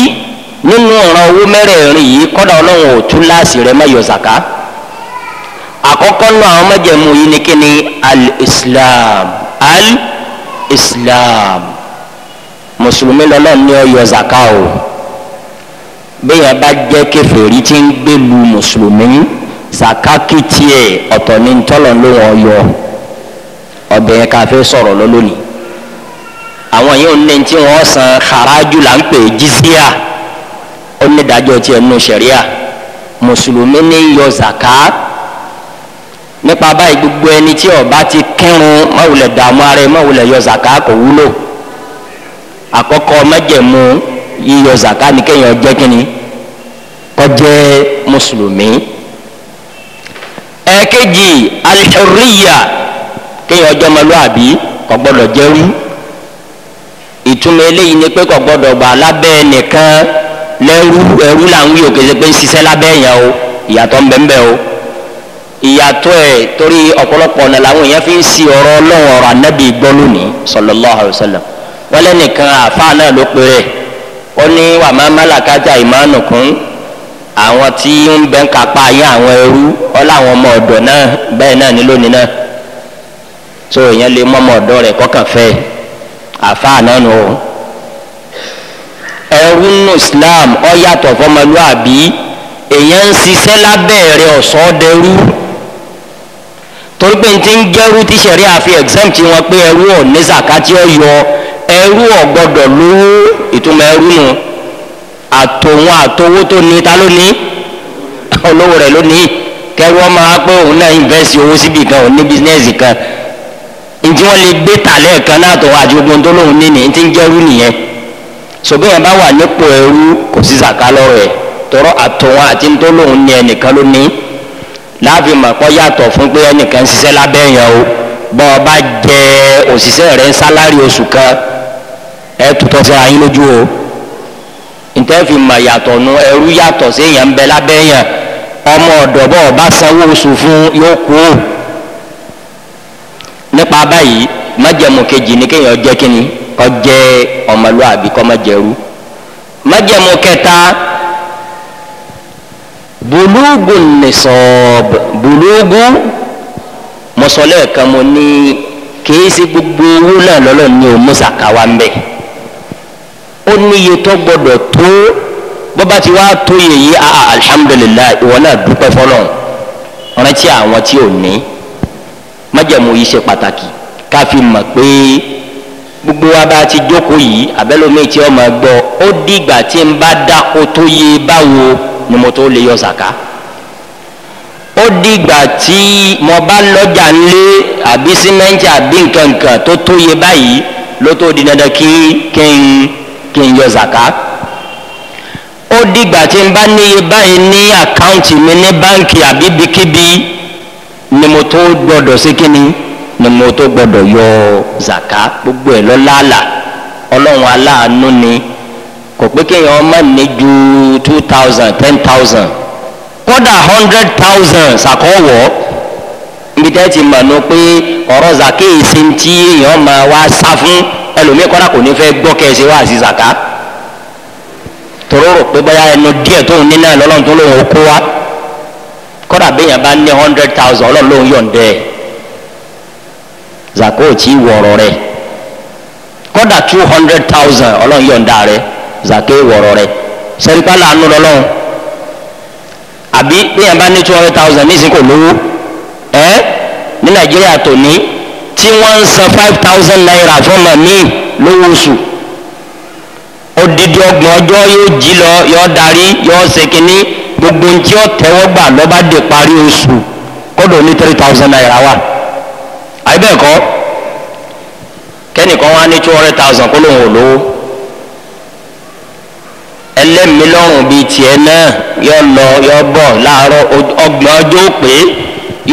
nínú ọ̀ràn owó mẹ́rẹ̀ẹ̀rin yìí kọ́dà ọlọ́run ò tún láàsì rẹ̀ má yọ zaka àkọ́kọ́ nù àwọn májẹ̀mú yìí ní kíni al-islam al-islam mùsùlùmí lọ́lọ́run ní ó yọ zaka o bẹ́ẹ̀ bá jẹ́ kèfèrí tí ń gbèlú mùsùlùmí sàkákì tiẹ̀ ọ̀tọ̀ ní ntọ́lọ̀ ló wọ́n yọ ọbẹ̀ yẹn káfẹ́ sọ̀rọ̀ lọ lónìí àwọn yìí ò ní tí wọ́n san xaraju là ń pè jizíà ó ní dájọ́ tiẹ̀ nù sẹ̀ríà mùsùlùmí ní yọ zaka nípa báyìí gbogbo ẹni tí ó ti kírun máwùlẹ̀ dààmú ara ẹ máwùlẹ̀ yọ zaka kò wúlò àkọ́kọ́ mẹ́jẹ̀mú yíyọ zaka ni kéèyàn jẹ́ kínní kó jẹ́ mùsùlùmí ẹ̀ẹ́kejì alihuriya kéèyàn jẹ́ ọmọlúwàbí kò gbọ́dọ̀ jẹ́rú ìtumọ̀ eléyìí ni pé kò gbọ́dọ̀ gbà lábẹ́ nìkan lẹ́rú ẹrú là ń wí òkèlè pé ń ṣiṣẹ́ lábẹ́ yẹn o ìyàtọ̀ ń bẹ ń bẹ o ìyàtọ̀ ẹ̀ torí ọ̀pọ̀lọpọ̀ ọ̀nà làwọn èèyàn fi ń si ọ̀rọ̀ ọlọ́run ọ̀rọ̀ anábì gbọ́ lónìí sallallahu alaihi wasallam wọ́n lẹ́nìkan àfa náà ló pe rẹ̀ ó ní wàmọ́ málàkájà ìmánu kún àwọn tí ń bẹ́ ń kápá yín àwọn ẹrú ọ láwọn ọmọ ọ̀dọ̀ náà bẹ́ẹ̀ náà ní lónìí náà tó èèyàn lè mọ ọmọ ọ̀dọ̀ rẹ̀ kọ́kàn fẹ́ àfáà náà nù ọ́ ẹrú nù Islam ọ yàtọ̀ fọmọlúàbí èèyàn ń ṣiṣẹ́ lábẹ́ rẹ̀ ọ̀sọ́ dẹrú torí pé n ti ń gẹ́rú tíṣẹ̀rí àfi exempt wọn pé ẹrú ọ̀ ní zakati ọ̀ yọ ẹrú ọ̀gbọ́dọ̀ lówó ìtumọ̀ ẹrú nù àtòun àtòwó tó ní ta ló ní olówó rẹ̀ ló ní kẹrù ọmọ akpọ̀ òun náà invest owó síbi kan òun ní bísínẹ́sì kan ntí wọ́n lè gbé tàlẹ́ kan náà tó àti ogun tó lóun ní ní ntí ń jẹ́rú nìyẹn sọgbẹ́ yẹn bá wà nípò ẹrú kò sí zaka lọ́rọ̀ ẹ̀ tọrọ àtòun àti ntó lóun ní ẹnìkan ló ní láàfin màkọ́ yàtọ̀ fún pé ẹnìkan ń ṣiṣẹ́ lábẹ́ yẹn o bọ́ọ̀ bá jẹ òṣìṣẹ́ rẹ̀ ń sálárì oṣù kan ẹ tutọ́ síra yín lójú o ntẹ́fì mà yàtọ̀ nu ẹrú yàtọ̀ sí èèyàn ń bẹ lábẹ́ yàn ọmọ ọ̀dọ̀ bọ̀ bá sanwó oṣù fún yóò kú o nípa báyìí májẹ̀mú kejì ní kéèyàn jẹ́ kínní kọ́ ọmọlúwàbí kọ́ má májẹ̀mú kẹta bulugu nisọb bulugu mọsọlẹ kan mo ní kì í ṣe gbogbo owó náà lọlọ ní o musa kawa ń bẹ ó níye tó gbọdọ̀ tó bọ́ba ti wá tó yèyí aa alihamudulilayi ìwọ náà dúpẹ́ fọlọ́ rántí àwọn tí ò ní májẹ̀mú yìí ṣe pàtàkì ká fi mọ̀ pé gbogbo wa bá ti jókòó yìí abẹ́lómi tí ó máa gbọ́ ó dìgbà tí n bá dáko tó yé báwo ni mo tó lè yọ sàká ó dìgbà tí mo bá lọ́jà ńlé àbí símẹ́ǹtì àbí nǹkan nǹkan tó tó yé báyìí ló tó di dandan kí kí n kí n yọ zaka ó dìgbà tí n bá níye báyìí ní àkáǹtì mi ní báǹkì àbí ni mo tó gbọdọ̀ sí kíni ni mo tó gbọdọ̀ yọ zaka gbogbo ẹ̀ lọ́láàlà ọlọ́run aláàánú ni kò pé kéèyàn ọmọ ní ju two thousand ten thousand kódà hundred thousand ṣàkọ́wọ́ ibi tẹ́ ti mọ̀ ní pé ọ̀rọ̀ zaka èsì ti èèyàn máa wá sá fún ẹlòmíì kọ́ra kò ní fẹ́ gbọ́ kẹ́sì wá sí zaka tòró rò pé bóyá ẹnu díẹ̀ tó ń ní náà lọ́lọ́run tó lóun kó wa kọ́ra béèyàn bá ní hundred thousand ọlọ́run lóun yọ̀ǹdẹ́ ẹ̀ zaka ò tí ì wọ̀rọ̀ rẹ̀ kọ́dà two hundred thousand ọlọ́run yọ̀ǹda rẹ̀ zaka ì wọ̀rọ̀ rẹ̀ sẹ́ríkà làánú lọ́lọ́run àbí béèyàn bá ní two hundred thousand ní ìsìn kò lówó ẹ́ ní nàìjíríà tòní. tí wọ́n ń san five thousand naira fọmọ mi lówó oṣù odidi ọgbọ̀n ọjọ́ yóò jí lọ yóò darí yóò gbogbo ohun tí tẹ́wọ́ gbà lọ́ba dé parí oṣù kọ́dọ̀ ní three naira wà àyíbẹ̀kọ́ kẹ́nìkan wá ní two hundred thousand kó lóun ò lówó bíi tiẹ̀ náà lọ bọ̀ láàárọ̀ ọgbọ̀n ọjọ́ pé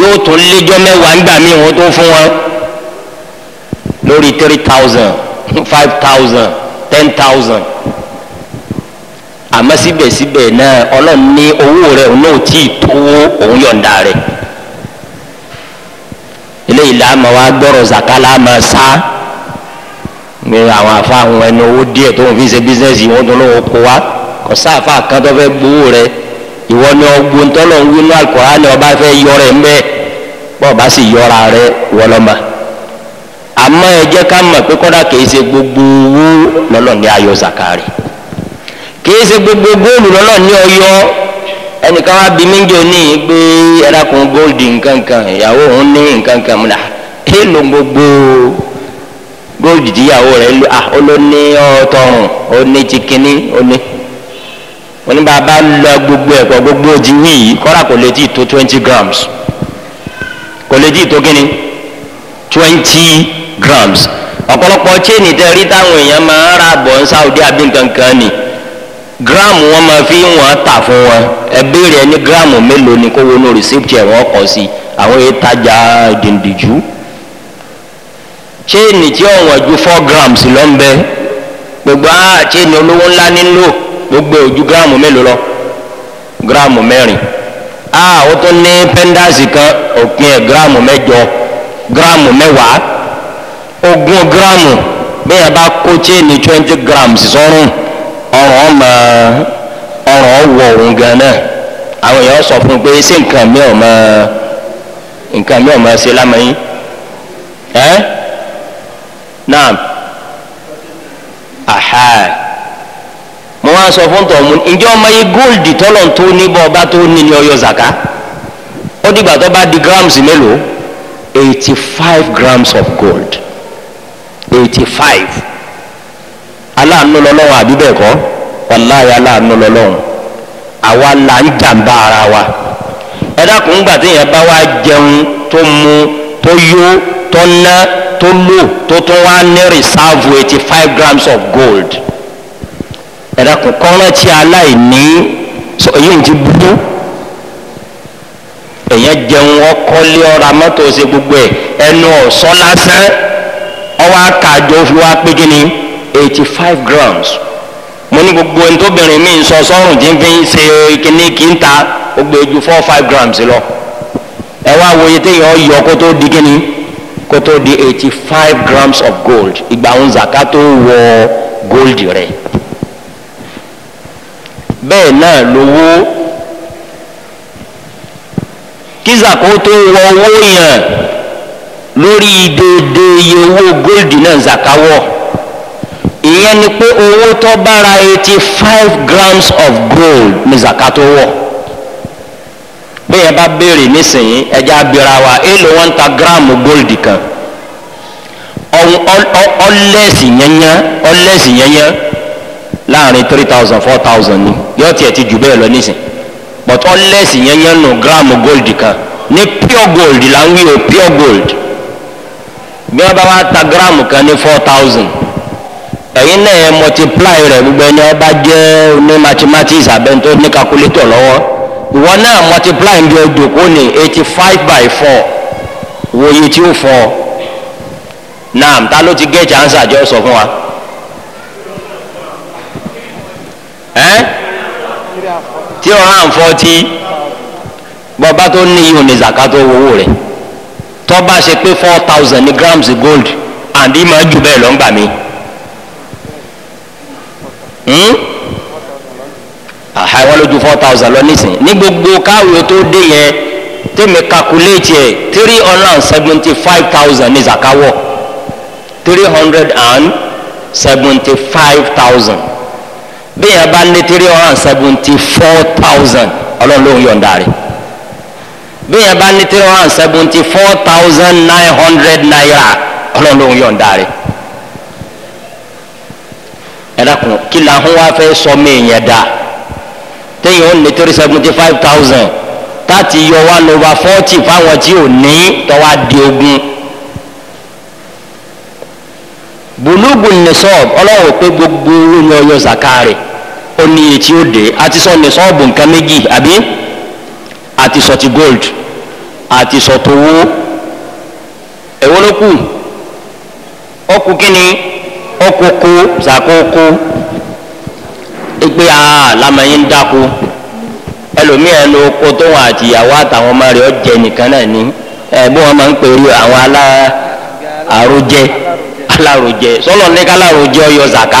yóò tún léjọ́ mẹ́wàá wọ́n tó lórí three thousand five thousand ten thousand àmọ́ síbẹ̀síbẹ̀ náà ọlọ́run ní owó rẹ̀ òun náà tí ì tówó òun yọ̀ǹda rẹ̀ eléyìí láàmú wa gbọ́rọ̀ zaka láàmú sá ní àwọn afa àwọn ẹni owó díẹ̀ tó ń fi ṣe bísíǹsì wọn tó lọ́wọ́ kó wa kò sáfà kan tó fẹ́ gbowó rẹ̀ ìwọ ni ọgbọ́n tọ́lọ̀ ń wí ní alukóra ni ọba fẹ́ yọ rẹ̀ ń bẹ́ẹ̀ bọ́ọ̀ bá sì yọra rẹ̀ wọlọ́mọ àmọ́ ẹ jẹ́ ká mọ̀ pé kọ́dà kìí ṣe gbogbo owó lọ́lọ́ ní ayọ̀ zakari kìí ṣe gbogbo góòlù lọ́lọ́ ní ọyọ́ ẹnìkan wá bí méjì òní gbé ẹ̀rákùn góòlù nkankan ìyàwó òun ní nkankan múlá ah, èèlò gbogbo góòlù tíyàwó rẹ̀ lò ah ó ló ní ọ̀tọ̀rùn ó ní chikini ó ní oníbàbá lọ gbogbo ẹ̀kọ́ gbogbo òjì wíyì kọ́dà kò lè tí tó twenty grams kò lè tí tó kíni twenty grams ọ̀pọ̀lọpọ̀ chaini tẹ rí táwọn èèyàn máa ń ra bọ̀ ń sáwùdí àbí nkankan ni gíráàmù wọn máa fi wọn tà fún wọn ẹ béèrè ẹni gíráàmù mélòó ni kó wọnú rìsíptì ẹ̀ wọ́n kọ́ sí àwọn èyí tajà dìndìjú chaini tí ọ̀wọ̀n ju four grams lọ ń bẹ gbogbo a chaini olówó ńlá nílò gbogbo ojú gíráàmù mélòó lọ gíráàmù mẹ́rin a ó tún ní pẹ́ndàsì kan òpin ẹ̀ gíráàmù mẹ́jọ gíráàmù mẹ́wàá. ogún gíráàmù bẹ́ẹ̀ bá kó chéènì twenty grams sọ́rùn ọ̀rọ̀ ọmọ ọrụ wọ̀ òun gan náà àwọn èèyàn sọ fún un pé ṣé nǹkan mi ò mọ nǹkan mi ò mọ ṣe lámẹ́yìn ẹ́ náà àhà mo wá sọ fún ǹjẹ́ ọmọ ọba tó ní ọyọ zaka ó dìgbà tó bá di grams mélòó eighty grams of gold. 85 aláàánú lọ́lọ́run àbí bẹ́ẹ̀ kọ́ wàláyé aláàánú lọ́lọ́run àwa là ń jàǹbá ara wa ẹ dákun ńgbà téèyàn bá wá jẹun tó mu tó yó tó ná tó lò tó tún wá ní rìsáàvù grams of gold ẹ dákun kọ́ńtì aláìní èyí ń ti burú èyàn jẹun ọkọ lé ọra mọ́tò ṣe gbogbo ẹ̀ ẹnu ọ̀sán wá kájọ fi wá pé kí ni eighty five grams mo ní gbogbo ẹni tóbìnrin mi ń sọ sọ́run tí ń fi ṣe kíní kí ń ta ó gbé ju four five grams lọ ẹ wá wo iye téèyàn yọ kó tó di kíní kó tó di eighty five grams of gold ìgbà òun zaka tó wọ gold rẹ bẹ́ẹ̀ náà lówó kí zaka ó tó wọ owó yẹn lórí déédé iye owó gold náà zakawọ ìyẹn ni pé owó tó bára eighty five grams of gold ní zakato wọ bẹ́ẹ̀ bá béèrè nísìnyí ẹja abira wa èèlò wọn ta gíráàmù gold kan ọlẹ́sì yẹnyẹn ọlẹ́sì yẹnyẹn láàrin three thousand four thousand ni yóò tiẹ̀ ti jù bẹ́ẹ̀ lọ nísìn but ọlẹ́sì yẹnyẹn nù gíráàmù gold kan ní pure gold là ń wí o pure gold. bí wọ́n bá ta gíráàmù kan ní four thousand na náà ẹ rẹ gbogbo ẹni ọba jẹ́ ní mathematics abẹ́ntó ní calculator lọ́wọ́ ìwọ náà multiply bí ojoko ní eighty five by four wòye tí ó fọ ta ti fún wa. tí bọ́ba tó ní ní zakato owó rẹ̀. tó bá ṣe pé four thousand ní grams gold and ìmọ̀ jù bẹ́ẹ̀ lọ ń gbà mí. Hmm? àwọn lójú four thousand lọ nísìnyí ní gbogbo káwé tó dé yẹn tèmi calculate yẹ three hundred and seventy five thousand ní zakawọ three hundred and seventy five thousand bí yẹn bá ní three hundred and seventy four thousand ọlọ́run ló ń yọ̀ǹda rẹ̀ bí yẹn bá ní three hundred seventy four thousand nine hundred naira ọlọ́run yọ̀ǹda rẹ̀ ẹ̀dàkùn kí làwọn wá fẹ́ sọ mí yẹn dá téèyàn ó ní three seventy five thousand láti yọ one over forty fáwọn tí ò ní tọ́wá di ogun bùlùgùn nìsọ́ọ̀b ọlọ́run pé gbogbo oyin ọyọ zakari ó ní iye tí ó dé àti sọ nìsọ́ọ̀bù nǹkan méjì àbí àti sọ ti gold. So àti sọ̀tòwó ẹ̀wọ́ ló kù ọkù kínní ọkùnkù sàkóńkù ẹgbẹ́ àlámẹ́yìn ń dáko ẹlòmíì ẹnu oko tó wà àtìyàwó àtàwọn ọmọ rẹ̀ ọ̀jẹ̀ nìkan náà ní ẹ bí wọ́n máa ń pè é àwọn alá àròjẹ alárojẹ sọlọ ní kálárojẹ ọyọ zaka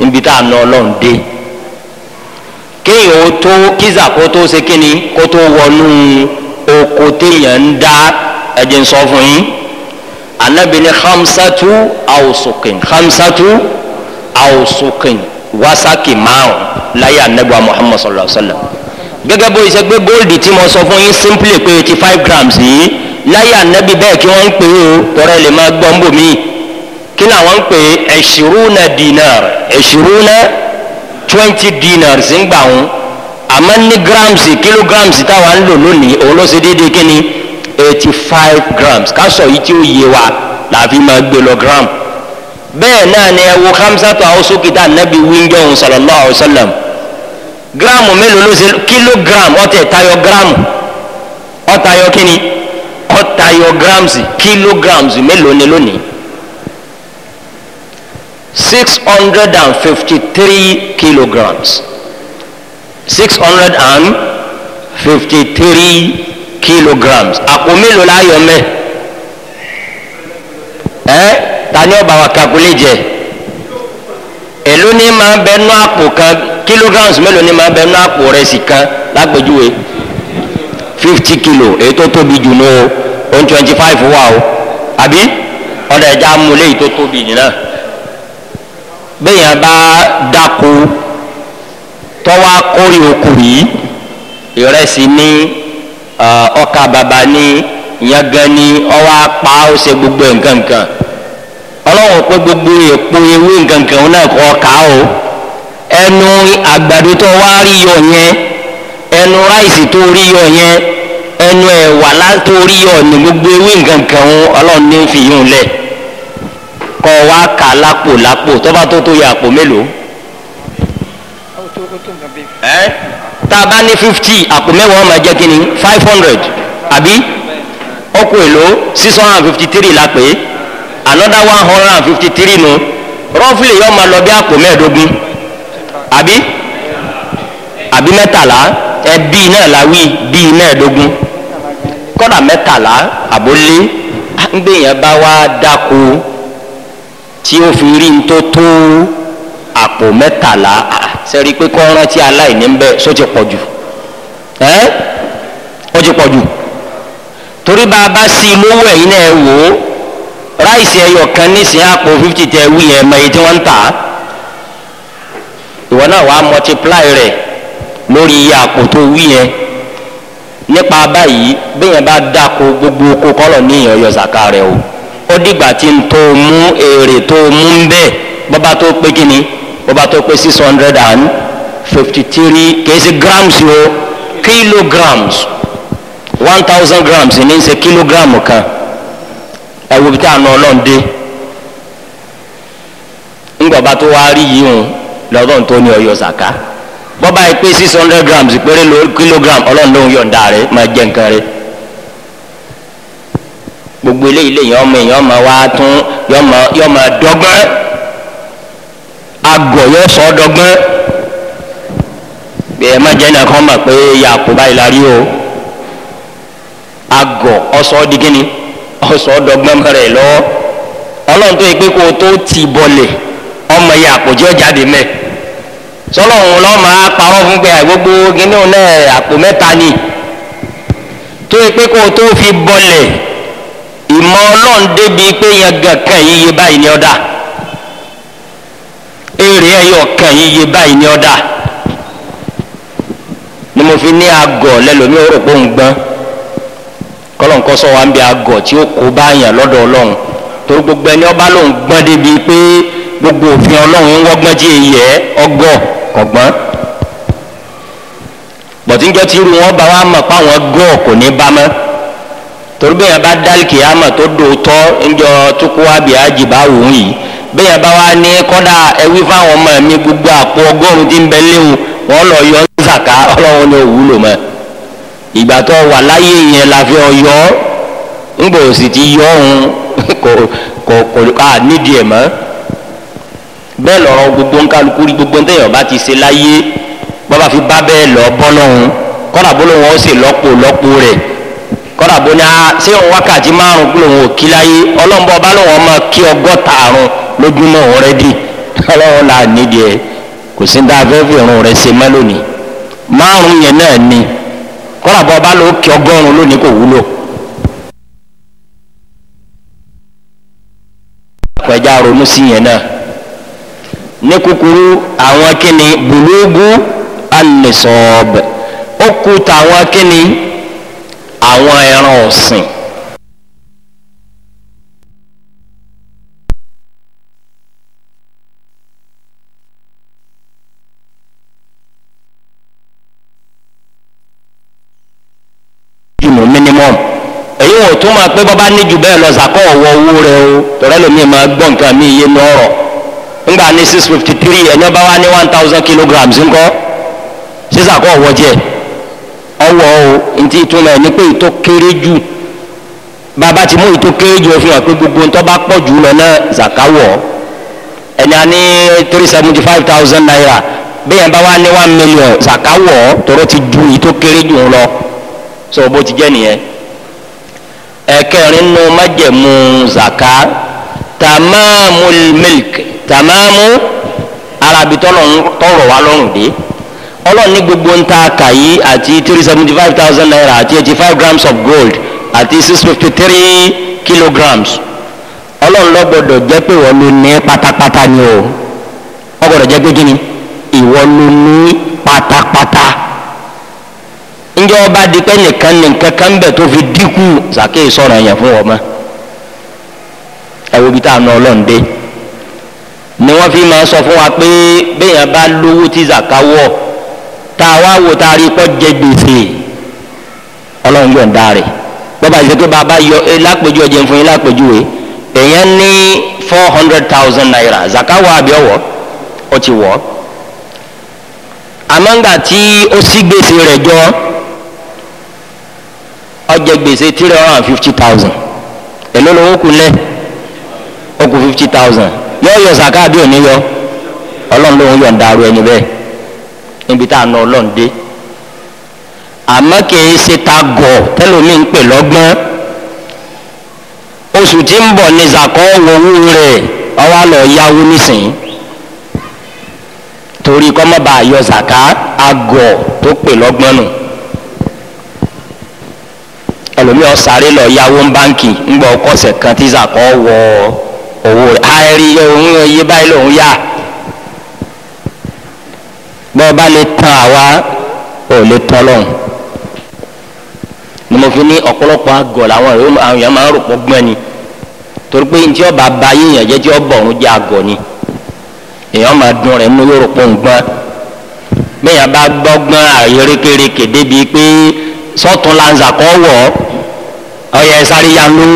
níbi tá a nọ Ọlọ́run dé kéèyàn ó tó kíza kó tó ṣe kíni kó tó wọnú oko téèyàn ń dá ẹ̀jẹ̀ ń sọ fún yín anabi ni hamsatu awusukin hamsatu awusukin wasaki márùn láyé anabi wa muhammad sallallahu alaihi wa sallam gẹ́gẹ́ bó ṣe gbé góòlù tí mo sọ fún yín simply pé eighty five grams yìí láyé anabi bẹ́ẹ̀ kí wọ́n ń pè é o lè máa gbọ́ ń bò mí kí ń pè é ẹ̀ṣirúnà dinar ẹ̀ṣirúnà dinar twenty dinars ń gbà wọn àmọ́ ní grams kilograms táwa ń lò lónìí òun ló ṣe déédéé kí ni eighty five grams kásọ̀ yìí tí ó yé wa làbí máa gbé lọ gram bẹ́ẹ̀ náà ni ẹ wo hamsatu awosokita anabi wíńjọ ọ̀hún sallallahu alaihi wasallam gíráàmù mélòó ló ṣe kílógíráàmù ọtẹ tayọ gíráàmù ọtayọ kíni ọtayọ grams? Kilograms? mélòó ni lónìí 653 kilograms 653 kilograms àpò mélòó láyọ̀ mẹ́ ẹ́ ta ni ọba wa kakule jẹ èló ni máa bẹ nú àpò kan kilograms mélòó ni máa bẹ nú àpò rẹ sì kan lágbèjúwe fifty kilo èyí tó tóbi jù ní o one twenty five wà o àbí ọ̀dà ẹja amúlé yìí tó tóbi yìí náà. bẹ́yàn bá dáko tọ́wá kórè oko yìí ìrẹsì ní ọkà bàbá ní yangan ní ọwọ́ apá ó ṣe gbogbo nkankan. ọlọ́run pé gbogbo èpo ewé nǹkankan náà kọ́ ọkà o ẹnu àgbàdo tó wá rí yọ yẹn ẹnu ráìsì tó rí yọ yẹn ẹnu ẹ̀wà tó rí yọ ní gbogbo ewé nǹkankan ọlọ́run ní fi yún un lẹ̀ kọ́ wá kà lápò lápò tọ́ba tó tó yẹ àpò mélòó. ẹ tá a bá ní fifty àpò mẹ́wàá máa jẹ́ kínní five hundred àbí ọkọ̀ èlò six hundred and fifty three la pè é another one hundred and fifty three nu roughly yọ máa lọ bí àpò mẹ́ẹ̀ẹ́dógún àbí àbí mẹ́tàlá ẹ bíi náà la wí bíi mẹ́ẹ̀ẹ́dógún kọ́dà mẹ́tàlá àbólé ń gbé yẹn bá wá dáko. tí ó fi rí n tó tó àpò mẹ́tàlá sẹ́rí pé kọ́ rántí aláìní ń bẹ́ só ti pọ̀ jù ẹ́ ó ti pọ̀ jù torí bá a bá sí lówó ẹ̀yin náà wò ó ráìsì ẹyọ kan nísìnyí àpò fifty tẹ wí yẹn mọ èyí tí wọ́n ń tà á ìwọ náà wàá multiply rẹ̀ lórí iye àpò tó wí yẹn nípa báyìí bẹ́ẹ̀ yẹn bá dáko gbogbo oko kọ́lọ̀ ní ìyẹn ọyọ zaka o dìgbà tí n tó mú èrè tó mú ń bẹ́ẹ̀ bọ́bá tó pé kí ni bọ́bá tó pé six hundred and fifty three kìí grams o kilograms one thousand grams ní ṣe kilogram kan ẹ wo bí tí àna ọlọ́run dé ńgbọ̀bá tó wá rí yìí hùn lọ́dọ̀ tó ní ọyọ ṣàká bọ́bá yìí pé six hundred grams péré lórí kilogram ọlọ́run ló ń yọ̀ǹda rẹ̀ máa jẹ́ nǹkan rẹ̀. gbogbo eléyìí lè yàn ọmọ èèyàn máa wá tún yàn máa dọgbọn agọ̀ yọ sọ dọ́gbọ́n bẹ́ẹ̀ má pe náà kàn o agọ ọsọ di ọsọ dọgbọn rẹ̀ lọ́wọ́ ọlọ́run tó yẹ pé kó o ti bọlẹ̀ ọmọ ya àpòjọ́ jáde mẹ́ sọlọ́run lọ́ọ́ máa parọ́ fún pé àgbógbó gíní náà àpò mẹ́ta ni tó yẹ pé kó o tó fi bọlẹ̀ ìmọ̀ ọlọ́run débi pé yẹn gànkan yìí yé báyìí ní ọ̀dà èrè ẹ̀yọ̀ kan yìí yé báyìí ní ọ̀dà ni mo fi ní agọ̀ lẹ́lòmí òrò pé òun gbọ́n kọ́lọ́n kọ́ sọ wa ń bi agọ̀ tí ó kó báyàn lọ́dọ̀ ọlọ́run torí gbogbo ẹni ọba lòun gbọ́n débi pé gbogbo òfin ọlọ́run ń wọ́gbọ́n tí èyí ẹ̀ ọgọ́ kọ̀gbọ́n bọ̀tíńjọ́ tí irú wọn bá wa mọ̀ pé àwọn gọ́ọ̀ kò ní bá mọ́. torí bẹ́ẹ̀ yẹn bá dálì kìyàmà tó dòótọ́ ńjọ tukuwa bíi àjìbá wòun yìí bẹ́ẹ̀ yẹn bá wá ní kọ́dà ẹwí fáwọn ọmọ mi gbogbo àpò ọgọ́rùn tí ń bẹ léwu wọn lọ yọ zaka ọlọ́run ní òwúlò mọ́ ìgbà tó wà láyé yẹn ńgbò sì ti yọ ọ̀hún kò kò kò nídìí ẹ̀ mọ́ bẹ́ẹ̀ gbogbo rí gbogbo bá ti láyé bọ́ba fi bá bẹ́ẹ̀ lọ bọ́ kọ́dà ó sì lọ́pọ̀ lọ́pọ̀ rẹ̀ kọ́dà bó a wákàtí márùn lòun ò kí láyé ọlọ́mọba ọba lòun ọmọ kí ọgọ́ta àrùn lójúmọ́ òun rẹ dì ọlọ́run là nídìí ẹ kò sí dáa fẹ́ rẹ ṣe mọ́ lónìí márùn yẹn náà ni kọ́dà lòun kí ọgọ́rùn lónìí kò wúlò. ronú sí yẹn àwọn ẹran ọ̀sìn. tún máa pé bọ́bá ní jù bẹ́ẹ̀ lọ sàkọ́ ọ̀wọ́ owó rẹ o tọ́rẹ́ lómi máa gbọ́ nǹkan mi iye ní ọ̀rọ̀ ńgbà ní six fifty three ẹ̀yán bá wá ní one thousand kilograms ńkọ́ sísàkọ́ ọ̀wọ́ jẹ́ ọwọ́ o ntí ìtumọ̀ ẹ̀ ní pé ìtó kéré jù bàbá ti mú ìtó kéré jù òfin hàn pé gbogbo ntọ́ bá pọ̀ jù lọ náà zakawọ̀ ẹni a ní three seventy five thousand naira bẹ́ẹ̀ bá wà ní one million zakawọ̀ tọrọ ti ju ìtó kéré jù lọ sọ bó ti jẹ́ nìyẹn ẹ̀kẹrin nu májẹ̀mú zaka tamamu milk tamamu arabitọ́lọ̀ tọrọ wa lọ́rùn dé ọlọ́run ní gbogbo ń ta kàyí àti three seventy five thousand naira àti eighty five grams of gold àti six fifty three kilograms ọlọ́run ló gbọ́dọ̀ jẹ́ pé wọ́n ló ní pátápátá ni o ó gbọ́dọ̀ jẹ́ pé kíni ìwọ ló ní pátápátá ǹjẹ́ ọba di pé nìkan nìkan kan bẹ̀ tó fi dínkù sàkéyì sọ̀rọ̀ yẹn fún ọmọ ẹ wo bí tá a nà ọlọ́run dé ni wọ́n fi máa sọ fún wa pé béèyàn bá lówó tí zaka wọ̀ tá a wá wò tá a rí kọ́ jẹ gbèsè ọlọ́run yọ̀ǹda rẹ̀ bọ́bá pé bàbá yọ lápèjú ọjẹ fún yín èèyàn ní four hundred thousand naira zakawa abiọwọ ó ti wọ̀ tí ó sí gbèsè rẹ̀ jọ ọjẹ gbèsè three hundred and fifty thousand èló lówó yọ zakawa bí ò ní yọ ọlọ́run níbi tá a nà ọlọ́run dé àmọ́ kìí ṣe ta gọ̀ tẹ́lómi ń pè lọ́gbọ́n oṣù tí ń bọ̀ ní zakọ́ wọ̀wú rẹ̀ ọwọ́ lọ yáwó nísìnyí torí kọ́ mọ́ a zaka agọ̀ tó pè lọ́gbọ́n nù ẹlòmí ọ̀sáré lọ yáwó ń báǹkì ń gbọ́ kan tí zakọ́ wọ owó rẹ̀ àìrí ohun iye báyìí yá. bọ́ ọ bá lè tan àwa ò lè tan lọ́hùn ni mo fi ní ọ̀pọ̀lọpọ̀ àgọ̀ làwọn èèyàn máa ń rò pọ̀ ni torí pé ní tí ọba ba yíyan jẹ́ tí ọba ọ̀run jẹ́ àgọ̀ ni èèyàn máa dùn rẹ̀ nínú yóò rò pọ̀ gbọ́n bá gbọ́gbọ́n àyèrékèrèkè débi pé sọ́tún lanza kọ́ wọ̀ ọyẹ sáré ya ló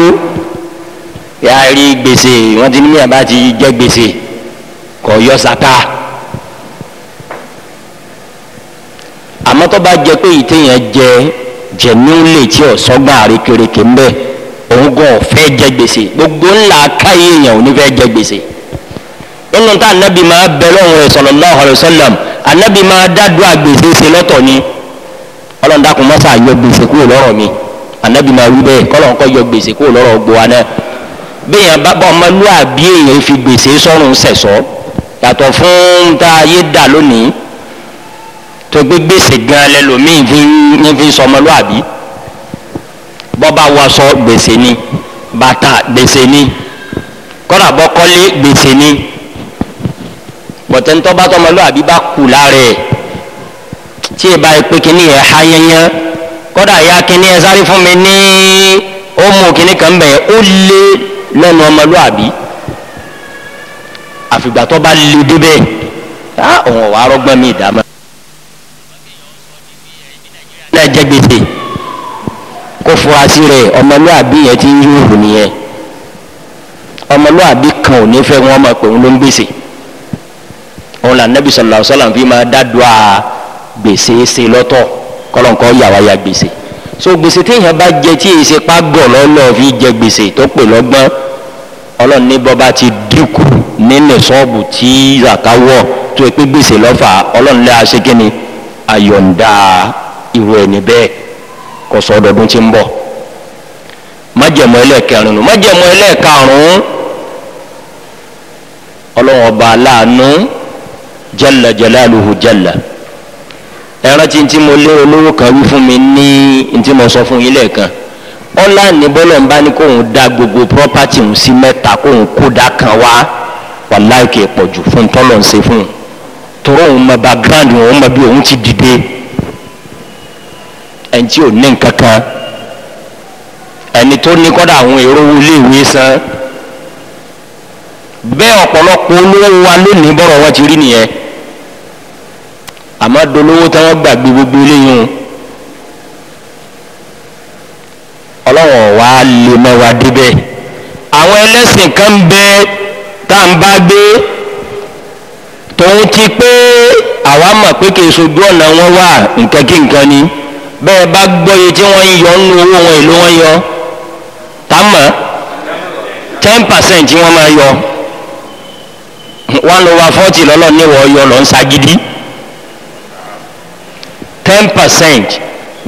yà á rí gbèsè wọ́n ti ní mi àbá ti jẹ́ gbèsè kọ́ yọ sátá. tó bá jẹ pé ìtẹ̀yàn jẹ jẹ̀míúlẹ̀ tí ọ̀sọ́gbà àrékérekè ń bẹ̀ òun gan ọ̀fẹ́ jẹ gbèsè gbogbo ńlá káyé èèyàn ò ní fẹ́ jẹ gbèsè nínú tá anabi máa bẹ lọ́wọ́ rẹ̀ sallallahu alaihi wasallam anabi máa dádùn àgbèsè ṣe lọ́tọ̀ ni ọlọ́run dákun mọ́sá yọ gbèsè kúrò lọ́rọ̀ mi anabi máa wí bẹ́ẹ̀ kọ́lọ́n kọ́ yọ gbèsè kúrò lọ́rọ̀ gbọ́ wa náà bẹ́ẹ̀yàn bábọ̀ ọmọlúwàbí èèyàn fi gbèsè sọ́run sẹ̀sọ́ yàtọ̀ fún tá a yé dà lónìí tẹgbẹ́ gbèsè gan lẹ́lòmíì fi ń fi sọmọlúàbí bọ́ba waṣọ gbèsè ni bàtà gbèsè ni kọ́dà bọ́kọ́lé gbèsè ni bọ̀tẹ́ntọ́ bá tọmọlúàbí bá kù lára ẹ̀ tí ì bá yẹ pé kíní ẹ̀ há yẹnyẹn kọ́dà ya kíní ẹ sáré fún mi ní ó mú kíní kan bẹ̀ ó lé lẹ́nu ọmọlúàbí àfìgbà tó bá lé débẹ̀ ọ̀hún ọ̀wá arọ́gbọ́n mi ìdá gbèsè kó fura sí rẹ̀ ọmọlúàbí yẹn ti ń yóòrò nìyẹn ọmọlúàbí kan ò ní fẹ́ wọn máa pè wọn ló ń gbèsè òun là nẹ́bí sọ̀rọ̀ làwọn sọ̀rọ̀ fi máa dádùá gbèsè ṣe lọ́tọ̀ kọ́lọ́nkọ́ yàwá ya gbèsè so gbèsè téèyàn bá jẹ tí èyí ṣe pa gọ̀ lọ́lọ́ fi jẹ gbèsè tó pè lọ́gbọ́n ọlọ́run ní bọ́ ti dínkù nínú sọ́ọ̀bù tí zaka wọ̀ tó pé gbèsè lọ́fà ọlọ́run lẹ́yà ṣe kíni ìwé ẹni bẹ́ẹ̀ kò sọ ọdọọdún tí ń bọ̀ májẹ̀mú ẹlẹ́ẹ̀kẹrin nù májẹ̀mú ẹlẹ́ẹ̀karùn-ún ọlọ́wọ́n ọba aláàánú jalla jalaluhu jalla ẹran tí mo lé olówó kan wí fún mi ní tí mo sọ fún yín lẹ́ẹ̀kan ọ̀là ní bọ́lọ̀ ń bá da gbogbo property ń sí mẹ́ta kóun kan wá pọ̀jù fún tọ́lọ̀ ń fún un òun mọ òun ti dìde ẹni ò ní nǹkan ẹni tó ní kọ́dà àwọn èrò iléèwé san bẹ́ẹ̀ ọ̀pọ̀lọpọ̀ olówó wa lónìí bọ́rọ̀ wọn ti rí nìyẹn àmọ́ dolówó tí wọ́n gbàgbé gbogbo eléyìí o ọlọ́wọ̀n wa lè débẹ̀ àwọn ẹlẹ́sìn kan bẹ tá à ń bá gbé tòun ti pé àwa mọ̀ pé kì í sojú ọ̀nà bẹ́ẹ̀ bá gbọ́yé tí wọ́n ń yọ nínú owó wọn èlò wọn yọ tá a mọ̀ ten percent wọ́n máa yọ one over forty lọ́lọ́ níwọ̀ yọ lọ́n ságídí ten percent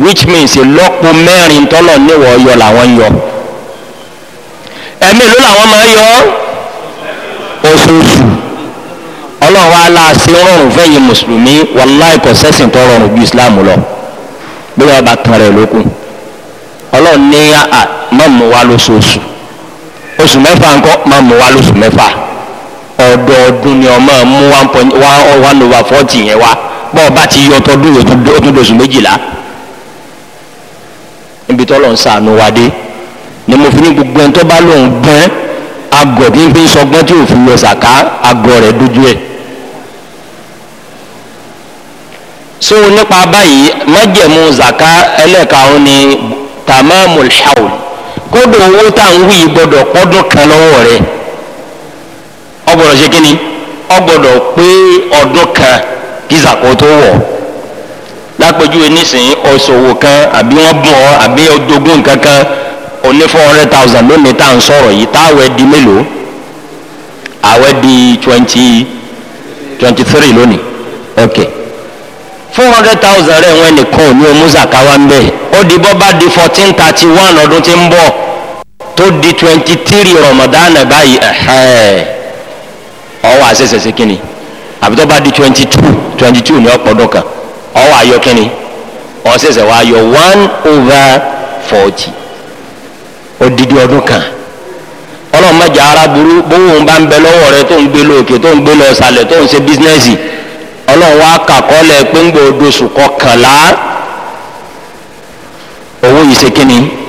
which means ìlọ́po mẹ́rin tọ́lọ̀ níwọ̀ yọ làwọn yọ ẹ̀mí ló làwọn máa yọ oṣooṣù ọlọ́run aláàṣẹ rọrùn fẹ́yìn mùsùlùmí wàláì kò sẹ́sìn tó rọrùn ju islam lọ bí wọn bá tán rẹ lóko ọlọ́run ní àà má mú wa lóṣooṣù oṣù mẹ́fà ńkọ́ má mú wa lóṣù mẹ́fà ọdọọdún ni ọmọ mú one point one one over forty yẹn wa bọ́ọ̀ bá ti yọ tọdún yóò tún dosù méjìlá níbi tọ́lọ̀ ń sànù wa dé ni mo fi ní gbogbo ẹni tó bá lóun gbọ́n agọ̀ bí n fi ń sọgbọ́n tí òfin lọ sàká agọ̀ rẹ̀ dojú ẹ̀ so nípa báyìí májẹ̀mú zaka ẹlẹ́karùn ni tamamul hawl kódò owó tá à ń wí gbọdọ̀ pọ́dún kan lọ́wọ́ rẹ̀ ọgbọ̀dọ̀ ṣe ọ gbọdọ pé ọdún kan kí tó wọ̀ lápẹjúwe nísìnyí ọ̀ṣọ̀wò kan àbí bùn àbí four hundred thousand lónìí tá à ń sọ̀rọ̀ yìí mélòó three lónìí okay. four hundred thousand rẹ̀ wọ́n nìkan ní omuzaka wa ń bẹ̀ ó di bọ́ di fourteen thirty one ọdún tí ń bọ̀ tó di twenty three ramadan báyìí ọwọ́ àṣẹṣẹṣẹ kínni àbí tó bá di twenty two twenty two ní ọ̀pọ̀ ọdún kan ọwọ́ àyọ kínni ọ̀ṣẹ̀ṣẹ̀ wa yọ one over forty odidi ọdún kan ọlọ́run mẹ́jọ ara burú bówó ń bá ń bẹ lọ́wọ́ rẹ tó ń gbé lóòkè tó ń gbé lọ tó ń ṣe bísínẹ́sì. ọlọ́run wá kàkọ́lẹ̀ pé ń gbòdo sùn kọkànlá owó yìí ṣe kínni.